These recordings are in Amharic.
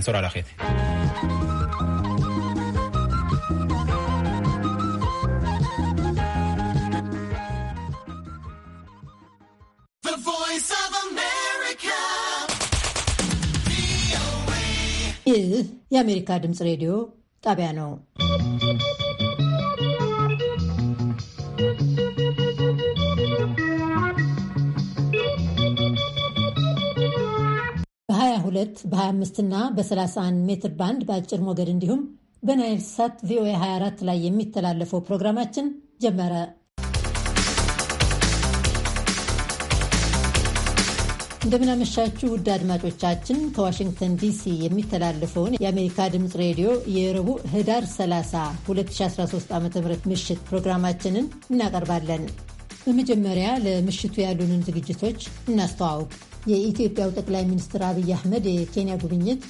La voz de América, y América de Radio Tabiano. በ22 በ25 እና በ31 ሜትር ባንድ በአጭር ሞገድ እንዲሁም በናይል ሳት ቪኦኤ 24 ላይ የሚተላለፈው ፕሮግራማችን ጀመረ። እንደምናመሻችሁ ውድ አድማጮቻችን፣ ከዋሽንግተን ዲሲ የሚተላለፈውን የአሜሪካ ድምፅ ሬዲዮ የረቡዕ ህዳር 30 2013 ዓ ም ምሽት ፕሮግራማችንን እናቀርባለን። በመጀመሪያ ለምሽቱ ያሉንን ዝግጅቶች እናስተዋውቅ። የኢትዮጵያው ጠቅላይ ሚኒስትር አብይ አህመድ የኬንያ ጉብኝት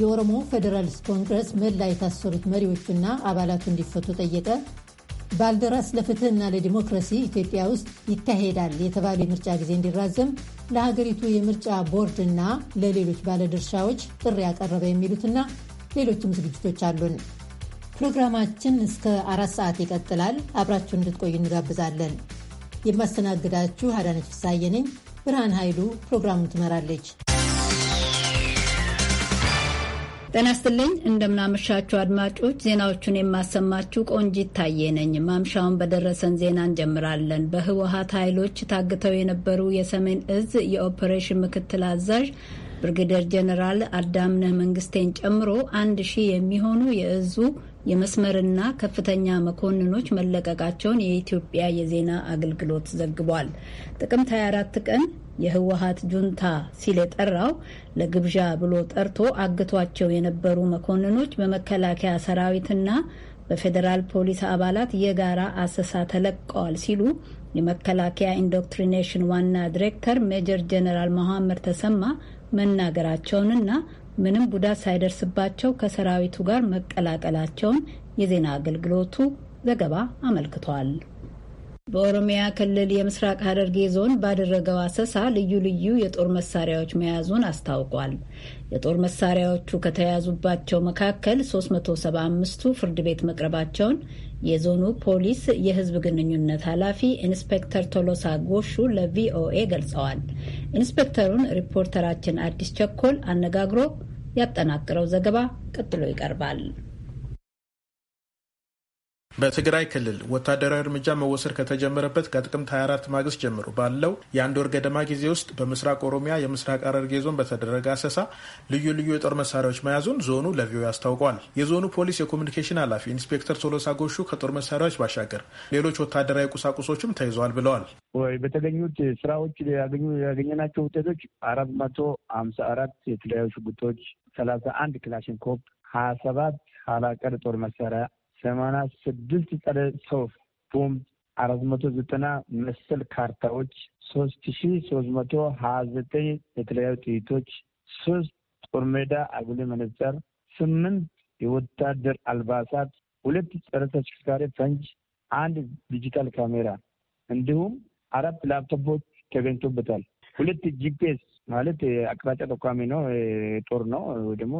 የኦሮሞ ፌዴራልስት ኮንግረስ መላ የታሰሩት መሪዎቹና አባላቱ እንዲፈቱ ጠየቀ፣ ባልደራስ ለፍትህና ለዲሞክራሲ ኢትዮጵያ ውስጥ ይካሄዳል የተባለ የምርጫ ጊዜ እንዲራዘም ለሀገሪቱ የምርጫ ቦርድና ለሌሎች ባለድርሻዎች ጥሪ ያቀረበ የሚሉትና ሌሎችም ዝግጅቶች አሉን። ፕሮግራማችን እስከ አራት ሰዓት ይቀጥላል። አብራችሁን እንድትቆዩ እንጋብዛለን። የማስተናግዳችሁ አዳነች ፍሳዬ ነኝ። ብርሃን ኃይሉ ፕሮግራሙን ትመራለች። ጤና ይስጥልኝ። እንደምናመሻችሁ አድማጮች፣ ዜናዎቹን የማሰማችሁ ቆንጂ ታዬ ነኝ። ማምሻውን በደረሰን ዜና እንጀምራለን። በህወሀት ኃይሎች ታግተው የነበሩ የሰሜን እዝ የኦፕሬሽን ምክትል አዛዥ ብርግደር ጀኔራል አዳምነህ መንግስቴን ጨምሮ አንድ ሺህ የሚሆኑ የእዙ የመስመርና ከፍተኛ መኮንኖች መለቀቃቸውን የኢትዮጵያ የዜና አገልግሎት ዘግቧል። ጥቅምት 24 ቀን የህወሀት ጁንታ ሲል የጠራው ለግብዣ ብሎ ጠርቶ አግቷቸው የነበሩ መኮንኖች በመከላከያ ሰራዊትና በፌዴራል ፖሊስ አባላት የጋራ አሰሳ ተለቀዋል ሲሉ የመከላከያ ኢንዶክትሪኔሽን ዋና ዲሬክተር ሜጀር ጀነራል መሐመድ ተሰማ መናገራቸውንና ምንም ጉዳት ሳይደርስባቸው ከሰራዊቱ ጋር መቀላቀላቸውን የዜና አገልግሎቱ ዘገባ አመልክቷል። በኦሮሚያ ክልል የምስራቅ ሐረርጌ ዞን ባደረገው አሰሳ ልዩ ልዩ የጦር መሳሪያዎች መያዙን አስታውቋል። የጦር መሳሪያዎቹ ከተያዙባቸው መካከል 375ቱ ፍርድ ቤት መቅረባቸውን የዞኑ ፖሊስ የሕዝብ ግንኙነት ኃላፊ ኢንስፔክተር ቶሎሳ ጎሹ ለቪኦኤ ገልጸዋል። ኢንስፔክተሩን ሪፖርተራችን አዲስ ቸኮል አነጋግሮ ያጠናቅረው ዘገባ ቀጥሎ ይቀርባል። በትግራይ ክልል ወታደራዊ እርምጃ መወሰድ ከተጀመረበት ከጥቅምት 24 ማግስት ጀምሮ ባለው የአንድ ወር ገደማ ጊዜ ውስጥ በምስራቅ ኦሮሚያ የምስራቅ ሐረርጌ ዞን በተደረገ አሰሳ ልዩ ልዩ የጦር መሳሪያዎች መያዙን ዞኑ ለቪኦኤ አስታውቋል። የዞኑ ፖሊስ የኮሚኒኬሽን ኃላፊ ኢንስፔክተር ቶሎሳ ጎሹ ከጦር መሳሪያዎች ባሻገር ሌሎች ወታደራዊ ቁሳቁሶችም ተይዘዋል ብለዋል። ወይ በተገኙት ስራዎች ያገኘናቸው ውጤቶች አራት መቶ ሀምሳ አራት የተለያዩ ሽጉጦች፣ ሰላሳ አንድ ክላሽንኮፕ፣ ሀያ ሰባት ኋላ ጦር መሳሪያ ሰማንያ ስድስት ጸረ ሰው ቦምብ አራት መቶ ዘጠና መሰል ካርታዎች ሶስት ሺ ሶስት መቶ ሀያ ዘጠኝ የተለያዩ ጥይቶች ሶስት ጦር ሜዳ አጉሊ መነጽር ስምንት የወታደር አልባሳት ሁለት ጸረ ተሽከርካሪ ፈንጅ አንድ ዲጂታል ካሜራ እንዲሁም አራት ላፕቶፖች ተገኝቶበታል። ሁለት ጂፒኤስ ማለት አቅጣጫ ጠቋሚ ነው። ጦር ነው ወይ ደግሞ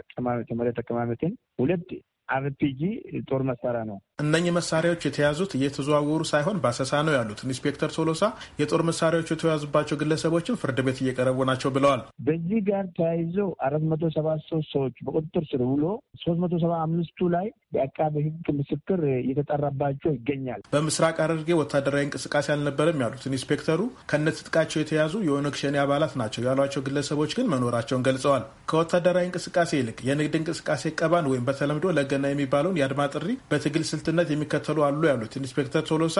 አቀማመጥ መሬት አቀማመጥን ሁለት አርፒጂ ጦር መሳሪያ ነው። እነኚህ መሳሪያዎች የተያዙት እየተዘዋወሩ ሳይሆን በአሰሳ ነው ያሉት ኢንስፔክተር ሶሎሳ የጦር መሳሪያዎች የተያዙባቸው ግለሰቦችም ፍርድ ቤት እየቀረቡ ናቸው ብለዋል። በዚህ ጋር ተያይዘው አራት መቶ ሰባ ሶስት ሰዎች በቁጥጥር ስር ውሎ ሶስት መቶ ሰባ አምስቱ ላይ የአቃቤ ሕግ ምስክር እየተጠራባቸው ይገኛል። በምስራቅ ሐረርጌ ወታደራዊ እንቅስቃሴ አልነበረም ያሉት ኢንስፔክተሩ ከነትጥቃቸው ትጥቃቸው የተያዙ የኦነግ ሸኔ አባላት ናቸው ያሏቸው ግለሰቦች ግን መኖራቸውን ገልጸዋል። ከወታደራዊ እንቅስቃሴ ይልቅ የንግድ እንቅስቃሴ ቀባን ወይም በተለምዶ ለገና የሚባለውን የአድማ ጥሪ በትግል ስልትነት የሚከተሉ አሉ ያሉት ኢንስፔክተር ቶሎሳ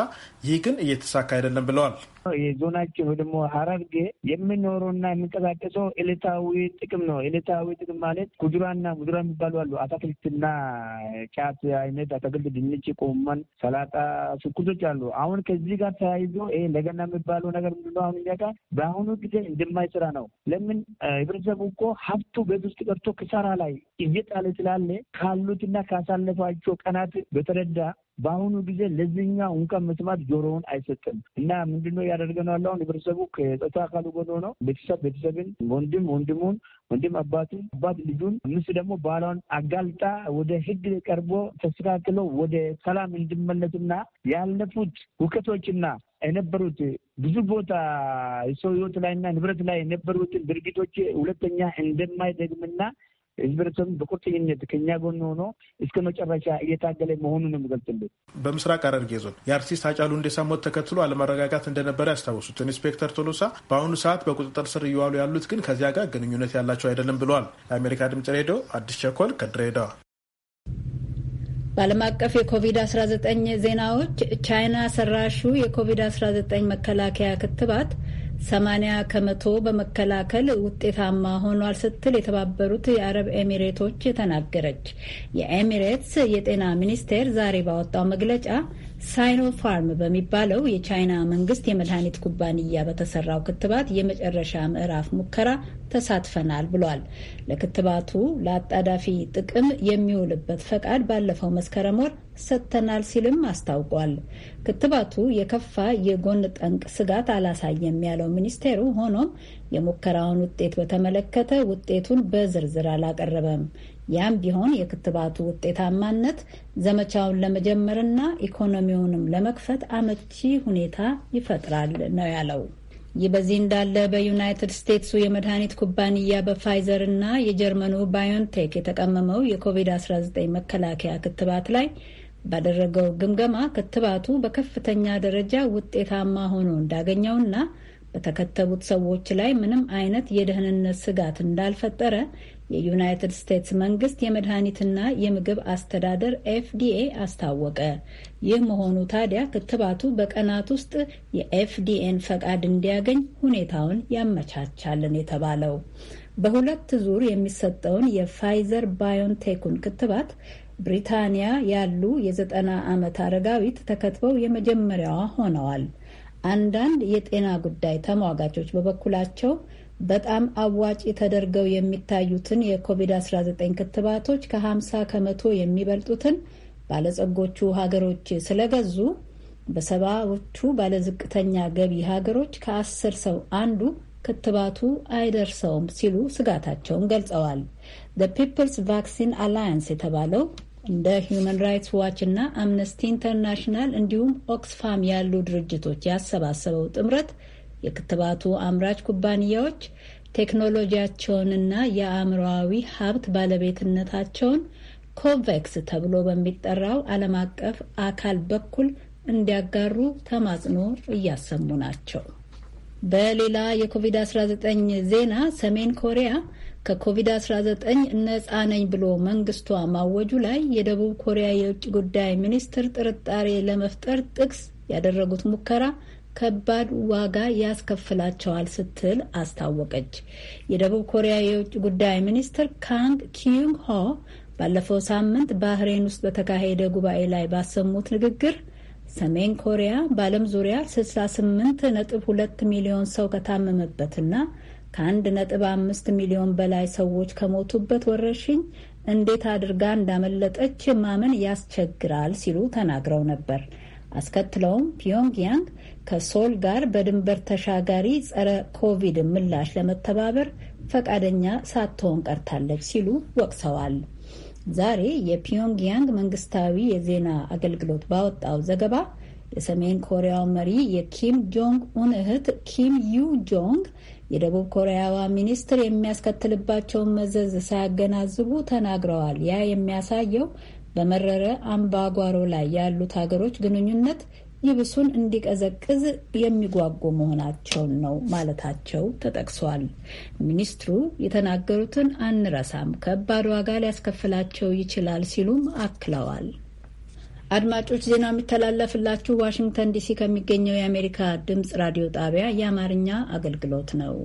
ይህ ግን እየተሳካ አይደለም ብለዋል። የዞናችን ደግሞ ሐረርጌ የሚኖረውና የምንቀሳቀሰው ዕለታዊ ጥቅም ነው። ዕለታዊ ጥቅም ማለት ጉድራና ጉድራ የሚባሉ አሉ አታክልትና የአያት አይነት አትክልት፣ ድንች፣ ጎመን፣ ሰላጣ፣ ሽንኩርቶች አሉ። አሁን ከዚህ ጋር ተያይዞ ይሄ ለገና የሚባለው ነገር ምንድነው? አሁን እኛ በአሁኑ ጊዜ እንደማይሰራ ነው። ለምን ህብረተሰቡ እኮ ሀብቱ ቤት ውስጥ ቀርቶ ክሳራ ላይ እየጣለ ስላለ ካሉትና ካሳለፋቸው ቀናት በተረዳ በአሁኑ ጊዜ ለዚህኛው እንኳን መስማት ጆሮውን አይሰጥም እና ምንድነው ነው አሁን ህብረተሰቡ ከጸጥታ አካሉ ጎን ሆኖ ቤተሰብ ቤተሰብን፣ ወንድም ወንድሙን፣ ወንድም አባቱ አባት ልጁን፣ ምስ ደግሞ ባህሏን አጋልጣ ወደ ህግ ቀርቦ ተስተካክሎ ወደ ሰላም እንዲመለስና ያለፉት ሁከቶችና የነበሩት ብዙ ቦታ የሰው ህይወት ላይና ንብረት ላይ የነበሩትን ድርጊቶች ሁለተኛ እንደማይደግምና ህብረተሰቡ በቁርጠኝነት ከኛ ጎን ሆኖ እስከ መጨረሻ እየታገለ መሆኑን ነው የሚገልጽልን። በምስራቅ ሐረርጌ ዞን የአርቲስት አጫሉ ሁንዴሳ ሞት ተከትሎ አለመረጋጋት እንደነበረ ያስታወሱት ኢንስፔክተር ቶሎሳ በአሁኑ ሰዓት በቁጥጥር ስር እየዋሉ ያሉት ግን ከዚያ ጋር ግንኙነት ያላቸው አይደለም ብለዋል። ለአሜሪካ ድምጽ ሬዲዮ አዲስ ቸኮል ከድሬዳዋ። በዓለም አቀፍ የኮቪድ-19 ዜናዎች ቻይና ሰራሹ የኮቪድ-19 መከላከያ ክትባት ሰማንያ ከመቶ በመከላከል ውጤታማ ሆኗል ስትል የተባበሩት የአረብ ኤሚሬቶች ተናገረች። የኤሚሬትስ የጤና ሚኒስቴር ዛሬ ባወጣው መግለጫ ሳይኖፋርም በሚባለው የቻይና መንግስት የመድኃኒት ኩባንያ በተሰራው ክትባት የመጨረሻ ምዕራፍ ሙከራ ተሳትፈናል ብሏል። ለክትባቱ ለአጣዳፊ ጥቅም የሚውልበት ፈቃድ ባለፈው መስከረም ወር ሰጥተናል ሲልም አስታውቋል። ክትባቱ የከፋ የጎን ጠንቅ ስጋት አላሳየም ያለው ሚኒስቴሩ፣ ሆኖም የሙከራውን ውጤት በተመለከተ ውጤቱን በዝርዝር አላቀረበም። ያም ቢሆን የክትባቱ ውጤታማነት ዘመቻውን ለመጀመርና ኢኮኖሚውንም ለመክፈት አመቺ ሁኔታ ይፈጥራል ነው ያለው። ይህ በዚህ እንዳለ በዩናይትድ ስቴትሱ የመድኃኒት ኩባንያ በፋይዘር እና የጀርመኑ ባዮንቴክ የተቀመመው የኮቪድ-19 መከላከያ ክትባት ላይ ባደረገው ግምገማ ክትባቱ በከፍተኛ ደረጃ ውጤታማ ሆኖ እንዳገኘውና በተከተቡት ሰዎች ላይ ምንም አይነት የደህንነት ስጋት እንዳልፈጠረ የዩናይትድ ስቴትስ መንግስት የመድኃኒትና የምግብ አስተዳደር ኤፍዲኤ አስታወቀ። ይህ መሆኑ ታዲያ ክትባቱ በቀናት ውስጥ የኤፍዲኤን ፈቃድ እንዲያገኝ ሁኔታውን ያመቻቻልን የተባለው በሁለት ዙር የሚሰጠውን የፋይዘር ባዮንቴኩን ክትባት ብሪታንያ ያሉ የዘጠና ዓመት አረጋዊት ተከትበው የመጀመሪያዋ ሆነዋል። አንዳንድ የጤና ጉዳይ ተሟጋቾች በበኩላቸው በጣም አዋጪ ተደርገው የሚታዩትን የኮቪድ-19 ክትባቶች ከ50 ከመቶ የሚበልጡትን ባለጸጎቹ ሀገሮች ስለገዙ በሰባዎቹ ባለዝቅተኛ ገቢ ሀገሮች ከአስር ሰው አንዱ ክትባቱ አይደርሰውም ሲሉ ስጋታቸውን ገልጸዋል። ዘ ፒፕልስ ቫክሲን አላያንስ የተባለው እንደ ሂዩማን ራይትስ ዋች እና አምነስቲ ኢንተርናሽናል እንዲሁም ኦክስፋም ያሉ ድርጅቶች ያሰባሰበው ጥምረት የክትባቱ አምራች ኩባንያዎች ቴክኖሎጂያቸውንና የአእምሮዊ ሀብት ባለቤትነታቸውን ኮቨክስ ተብሎ በሚጠራው ዓለም አቀፍ አካል በኩል እንዲያጋሩ ተማጽኖ እያሰሙ ናቸው። በሌላ የኮቪድ-19 ዜና ሰሜን ኮሪያ ከኮቪድ-19 ነፃ ነኝ ብሎ መንግስቷ ማወጁ ላይ የደቡብ ኮሪያ የውጭ ጉዳይ ሚኒስትር ጥርጣሬ ለመፍጠር ጥቅስ ያደረጉት ሙከራ ከባድ ዋጋ ያስከፍላቸዋል ስትል አስታወቀች። የደቡብ ኮሪያ የውጭ ጉዳይ ሚኒስትር ካንግ ኪዩንግ ሆ ባለፈው ሳምንት ባህሬን ውስጥ በተካሄደ ጉባኤ ላይ ባሰሙት ንግግር ሰሜን ኮሪያ በዓለም ዙሪያ 68.2 ሚሊዮን ሰው ከታመመበትና ከ1.5 ሚሊዮን በላይ ሰዎች ከሞቱበት ወረርሽኝ እንዴት አድርጋ እንዳመለጠች ማመን ያስቸግራል ሲሉ ተናግረው ነበር። አስከትለውም ፒዮንግያንግ ከሶል ጋር በድንበር ተሻጋሪ ጸረ ኮቪድ ምላሽ ለመተባበር ፈቃደኛ ሳትሆን ቀርታለች ሲሉ ወቅሰዋል። ዛሬ የፒዮንግያንግ መንግስታዊ የዜና አገልግሎት ባወጣው ዘገባ የሰሜን ኮሪያው መሪ የኪም ጆንግ ኡን እህት ኪም ዩ ጆንግ የደቡብ ኮሪያዋ ሚኒስትር የሚያስከትልባቸውን መዘዝ ሳያገናዝቡ ተናግረዋል። ያ የሚያሳየው በመረረ አምባጓሮ ላይ ያሉት ሀገሮች ግንኙነት ይብሱን እንዲቀዘቅዝ የሚጓጉ መሆናቸውን ነው ማለታቸው ተጠቅሷል። ሚኒስትሩ የተናገሩትን አንረሳም፣ ከባድ ዋጋ ሊያስከፍላቸው ይችላል ሲሉም አክለዋል። አድማጮች ዜና የሚተላለፍላችሁ ዋሽንግተን ዲሲ ከሚገኘው የአሜሪካ ድምፅ ራዲዮ ጣቢያ የአማርኛ አገልግሎት ነው።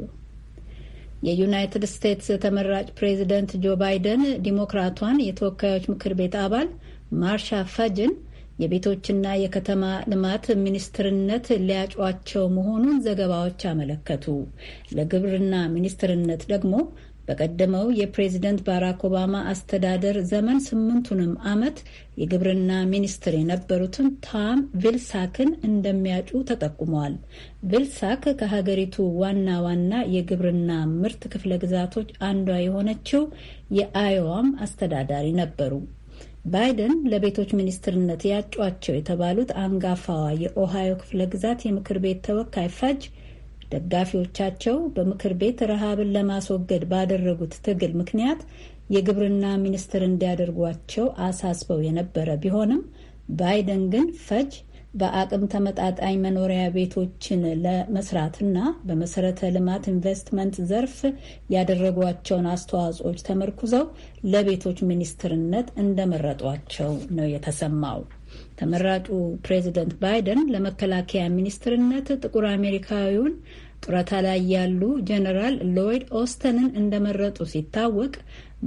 የዩናይትድ ስቴትስ ተመራጭ ፕሬዚደንት ጆ ባይደን ዲሞክራቷን የተወካዮች ምክር ቤት አባል ማርሻ ፈጅን የቤቶችና የከተማ ልማት ሚኒስትርነት ሊያጯቸው መሆኑን ዘገባዎች አመለከቱ። ለግብርና ሚኒስትርነት ደግሞ በቀደመው የፕሬዝደንት ባራክ ኦባማ አስተዳደር ዘመን ስምንቱንም ዓመት የግብርና ሚኒስትር የነበሩትን ታም ቪልሳክን እንደሚያጩ ተጠቁመዋል። ቪልሳክ ከሀገሪቱ ዋና ዋና የግብርና ምርት ክፍለ ግዛቶች አንዷ የሆነችው የአዮዋም አስተዳዳሪ ነበሩ። ባይደን ለቤቶች ሚኒስትርነት ያጯቸው የተባሉት አንጋፋዋ የኦሃዮ ክፍለ ግዛት የምክር ቤት ተወካይ ፋጅ ደጋፊዎቻቸው በምክር ቤት ረሃብን ለማስወገድ ባደረጉት ትግል ምክንያት የግብርና ሚኒስትር እንዲያደርጓቸው አሳስበው የነበረ ቢሆንም ባይደን ግን ፈጅ በአቅም ተመጣጣኝ መኖሪያ ቤቶችን ለመስራትና በመሰረተ ልማት ኢንቨስትመንት ዘርፍ ያደረጓቸውን አስተዋጽኦች ተመርኩዘው ለቤቶች ሚኒስትርነት እንደመረጧቸው ነው የተሰማው። ተመራጩ ፕሬዚደንት ባይደን ለመከላከያ ሚኒስትርነት ጥቁር አሜሪካዊውን ጡረታ ላይ ያሉ ጀነራል ሎይድ ኦስተንን እንደመረጡ ሲታወቅ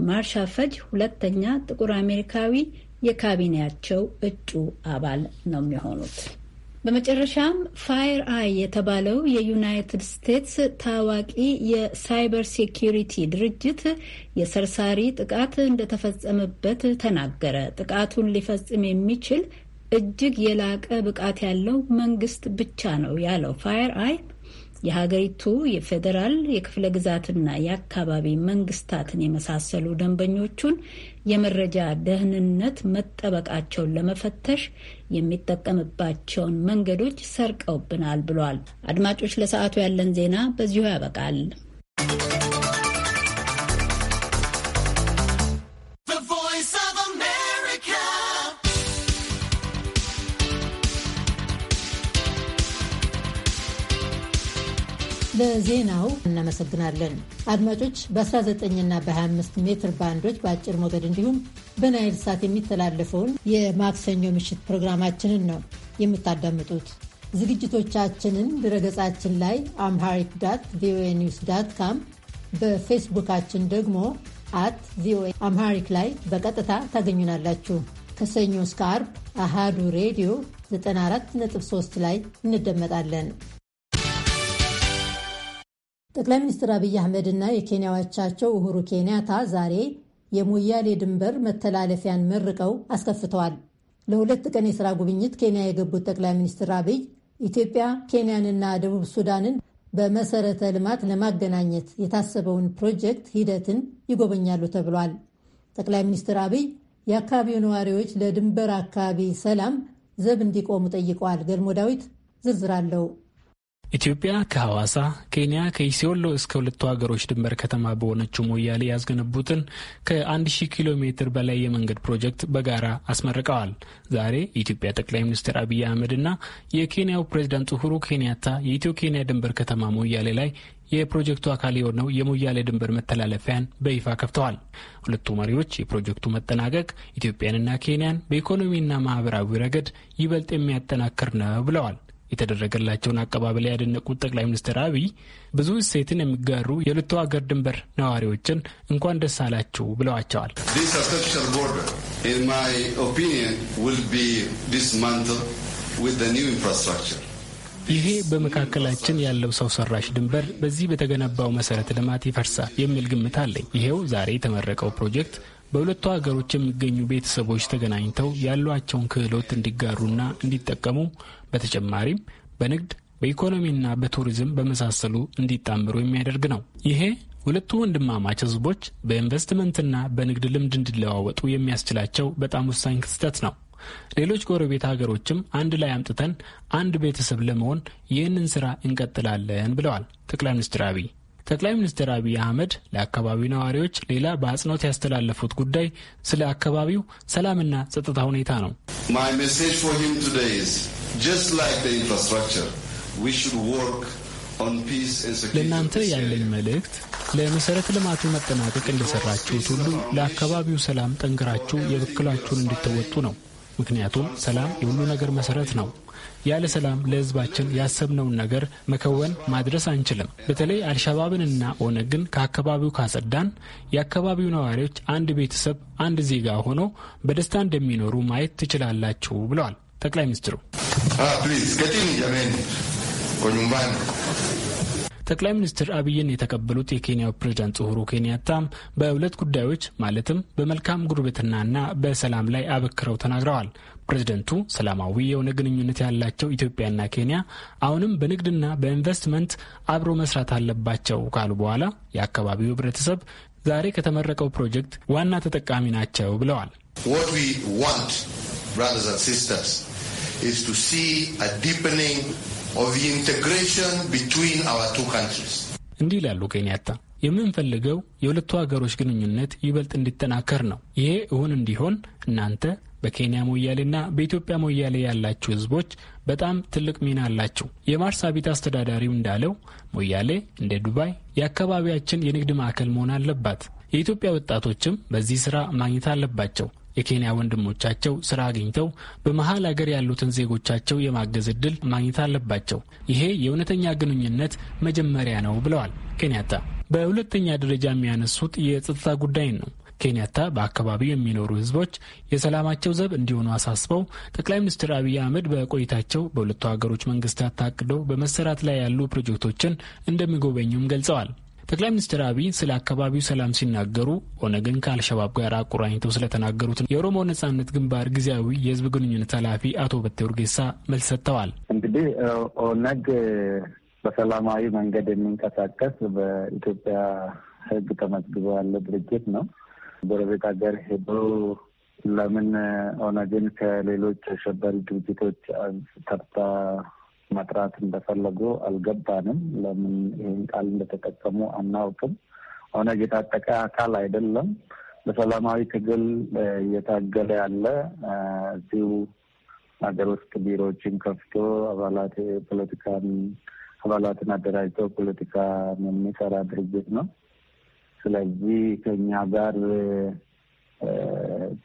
ማርሻ ፈጅ ሁለተኛ ጥቁር አሜሪካዊ የካቢኔያቸው እጩ አባል ነው የሚሆኑት። በመጨረሻም ፋየር አይ የተባለው የዩናይትድ ስቴትስ ታዋቂ የሳይበር ሴኪሪቲ ድርጅት የሰርሳሪ ጥቃት እንደተፈጸመበት ተናገረ። ጥቃቱን ሊፈጽም የሚችል እጅግ የላቀ ብቃት ያለው መንግስት ብቻ ነው ያለው ፋየር አይ የሀገሪቱ የፌዴራል የክፍለ ግዛትና የአካባቢ መንግስታትን የመሳሰሉ ደንበኞቹን የመረጃ ደህንነት መጠበቃቸውን ለመፈተሽ የሚጠቀምባቸውን መንገዶች ሰርቀውብናል ብሏል። አድማጮች፣ ለሰዓቱ ያለን ዜና በዚሁ ያበቃል። ለዜናው እናመሰግናለን። አድማጮች በ19ና በ25 ሜትር ባንዶች በአጭር ሞገድ እንዲሁም በናይል ሳት የሚተላለፈውን የማክሰኞ ምሽት ፕሮግራማችንን ነው የምታዳምጡት። ዝግጅቶቻችንን ድረገጻችን ላይ አምሃሪክ ዳት ቪኦኤ ኒውስ ዳት ካም፣ በፌስቡካችን ደግሞ አት ቪኦኤ አምሃሪክ ላይ በቀጥታ ታገኙናላችሁ። ከሰኞ እስከ አርብ አሃዱ ሬዲዮ 94.3 ላይ እንደመጣለን። ጠቅላይ ሚኒስትር አብይ አህመድና የኬንያ አቻቸው ኡሁሩ ኬንያታ ዛሬ የሞያሌ ድንበር መተላለፊያን መርቀው አስከፍተዋል። ለሁለት ቀን የሥራ ጉብኝት ኬንያ የገቡት ጠቅላይ ሚኒስትር አብይ ኢትዮጵያ ኬንያንና ደቡብ ሱዳንን በመሰረተ ልማት ለማገናኘት የታሰበውን ፕሮጀክት ሂደትን ይጎበኛሉ ተብሏል። ጠቅላይ ሚኒስትር አብይ የአካባቢው ነዋሪዎች ለድንበር አካባቢ ሰላም ዘብ እንዲቆሙ ጠይቀዋል። ገልሞ ዳዊት ዝርዝር አለው። ኢትዮጵያ ከሐዋሳ ኬንያ ከኢሲዮሎ እስከ ሁለቱ ሀገሮች ድንበር ከተማ በሆነችው ሞያሌ ያስገነቡትን ከ1000 ኪሎ ሜትር በላይ የመንገድ ፕሮጀክት በጋራ አስመርቀዋል። ዛሬ የኢትዮጵያ ጠቅላይ ሚኒስትር አብይ አህመድና የኬንያው ፕሬዝዳንት ኡሁሩ ኬንያታ የኢትዮ ኬንያ ድንበር ከተማ ሞያሌ ላይ የፕሮጀክቱ አካል የሆነው የሞያሌ ድንበር መተላለፊያን በይፋ ከፍተዋል። ሁለቱ መሪዎች የፕሮጀክቱ መጠናቀቅ ኢትዮጵያንና ኬንያን በኢኮኖሚና ማህበራዊ ረገድ ይበልጥ የሚያጠናክር ነው ብለዋል። የተደረገላቸውን አቀባበል ያደነቁት ጠቅላይ ሚኒስትር አብይ ብዙ እሴትን የሚጋሩ የሁለቱ ሀገር ድንበር ነዋሪዎችን እንኳን ደስ አላችሁ ብለዋቸዋል። ይሄ በመካከላችን ያለው ሰው ሰራሽ ድንበር በዚህ በተገነባው መሰረተ ልማት ይፈርሳል የሚል ግምት አለኝ። ይሄው ዛሬ የተመረቀው ፕሮጀክት በሁለቱ ሀገሮች የሚገኙ ቤተሰቦች ተገናኝተው ያሏቸውን ክህሎት እንዲጋሩና እንዲጠቀሙ በተጨማሪም በንግድ በኢኮኖሚና በቱሪዝም በመሳሰሉ እንዲጣምሩ የሚያደርግ ነው። ይሄ ሁለቱ ወንድማማች ህዝቦች በኢንቨስትመንትና በንግድ ልምድ እንዲለዋወጡ የሚያስችላቸው በጣም ወሳኝ ክስተት ነው። ሌሎች ጎረቤት ሀገሮችም አንድ ላይ አምጥተን አንድ ቤተሰብ ለመሆን ይህንን ስራ እንቀጥላለን ብለዋል ጠቅላይ ሚኒስትር አብይ። ጠቅላይ ሚኒስትር አብይ አህመድ ለአካባቢው ነዋሪዎች ሌላ በአጽንኦት ያስተላለፉት ጉዳይ ስለ አካባቢው ሰላምና ጸጥታ ሁኔታ ነው። ለእናንተ ያለኝ መልእክት ለመሰረተ ልማቱ መጠናቀቅ እንደሰራችሁት ሁሉ ለአካባቢው ሰላም ጠንክራችሁ የበኩላችሁን እንድትወጡ ነው። ምክንያቱም ሰላም የሁሉ ነገር መሰረት ነው። ያለ ሰላም ለህዝባችን ያሰብነውን ነገር መከወን ማድረስ አንችልም። በተለይ አልሸባብንና ኦነግን ከአካባቢው ካጸዳን የአካባቢው ነዋሪዎች አንድ ቤተሰብ፣ አንድ ዜጋ ሆነው በደስታ እንደሚኖሩ ማየት ትችላላችሁ ብለዋል ጠቅላይ ሚኒስትሩ። ah, ጠቅላይ ሚኒስትር አብይን የተቀበሉት የኬንያው ፕሬዝዳንት ጽሁሩ ኬንያታ በሁለት ጉዳዮች ማለትም በመልካም ጉርብትናና በሰላም ላይ አበክረው ተናግረዋል። ፕሬዝደንቱ ሰላማዊ የሆነ ግንኙነት ያላቸው ኢትዮጵያና ኬንያ አሁንም በንግድና በኢንቨስትመንት አብሮ መስራት አለባቸው ካሉ በኋላ የአካባቢው ህብረተሰብ ዛሬ ከተመረቀው ፕሮጀክት ዋና ተጠቃሚ ናቸው ብለዋል። እንዲህ ይላሉ ኬንያታ የምንፈልገው የሁለቱ ሀገሮች ግንኙነት ይበልጥ እንዲጠናከር ነው። ይሄ እውን እንዲሆን እናንተ በኬንያ ሞያሌና በኢትዮጵያ ሞያሌ ያላቸው ህዝቦች በጣም ትልቅ ሚና አላቸው። የማርሳቢት አስተዳዳሪው እንዳለው ሞያሌ እንደ ዱባይ የአካባቢያችን የንግድ ማዕከል መሆን አለባት። የኢትዮጵያ ወጣቶችም በዚህ ስራ ማግኘት አለባቸው። የኬንያ ወንድሞቻቸው ስራ አግኝተው በመሀል አገር ያሉትን ዜጎቻቸው የማገዝ እድል ማግኘት አለባቸው። ይሄ የእውነተኛ ግንኙነት መጀመሪያ ነው ብለዋል ኬንያታ። በሁለተኛ ደረጃ የሚያነሱት የጸጥታ ጉዳይን ነው። ኬንያታ በአካባቢው የሚኖሩ ህዝቦች የሰላማቸው ዘብ እንዲሆኑ አሳስበው ጠቅላይ ሚኒስትር አብይ አህመድ በቆይታቸው በሁለቱ ሀገሮች መንግስታት ታቅደው በመሰራት ላይ ያሉ ፕሮጀክቶችን እንደሚጎበኙም ገልጸዋል። ጠቅላይ ሚኒስትር አብይ ስለ አካባቢው ሰላም ሲናገሩ ኦነግን ከአልሸባብ ጋር አቆራኝተው ስለተናገሩት የኦሮሞ ነጻነት ግንባር ጊዜያዊ የህዝብ ግንኙነት ኃላፊ አቶ በቴ ኡርጌሳ መልስ ሰጥተዋል። እንግዲህ ኦነግ በሰላማዊ መንገድ የሚንቀሳቀስ በኢትዮጵያ ህግ ተመዝግቦ ያለ ድርጅት ነው። ጎረቤት ሀገር ሄዶ ለምን ኦነግን ከሌሎች አሸባሪ ድርጅቶች ተርታ መጥራት እንደፈለጉ አልገባንም። ለምን ይህን ቃል እንደተጠቀሙ አናውቅም። ኦነግ የታጠቀ አካል አይደለም። በሰላማዊ ትግል እየታገለ ያለ እዚሁ ሀገር ውስጥ ቢሮዎችን ከፍቶ አባላት ፖለቲካን አባላትን አደራጅቶ ፖለቲካ የሚሰራ ድርጅት ነው። ስለዚህ ከኛ ጋር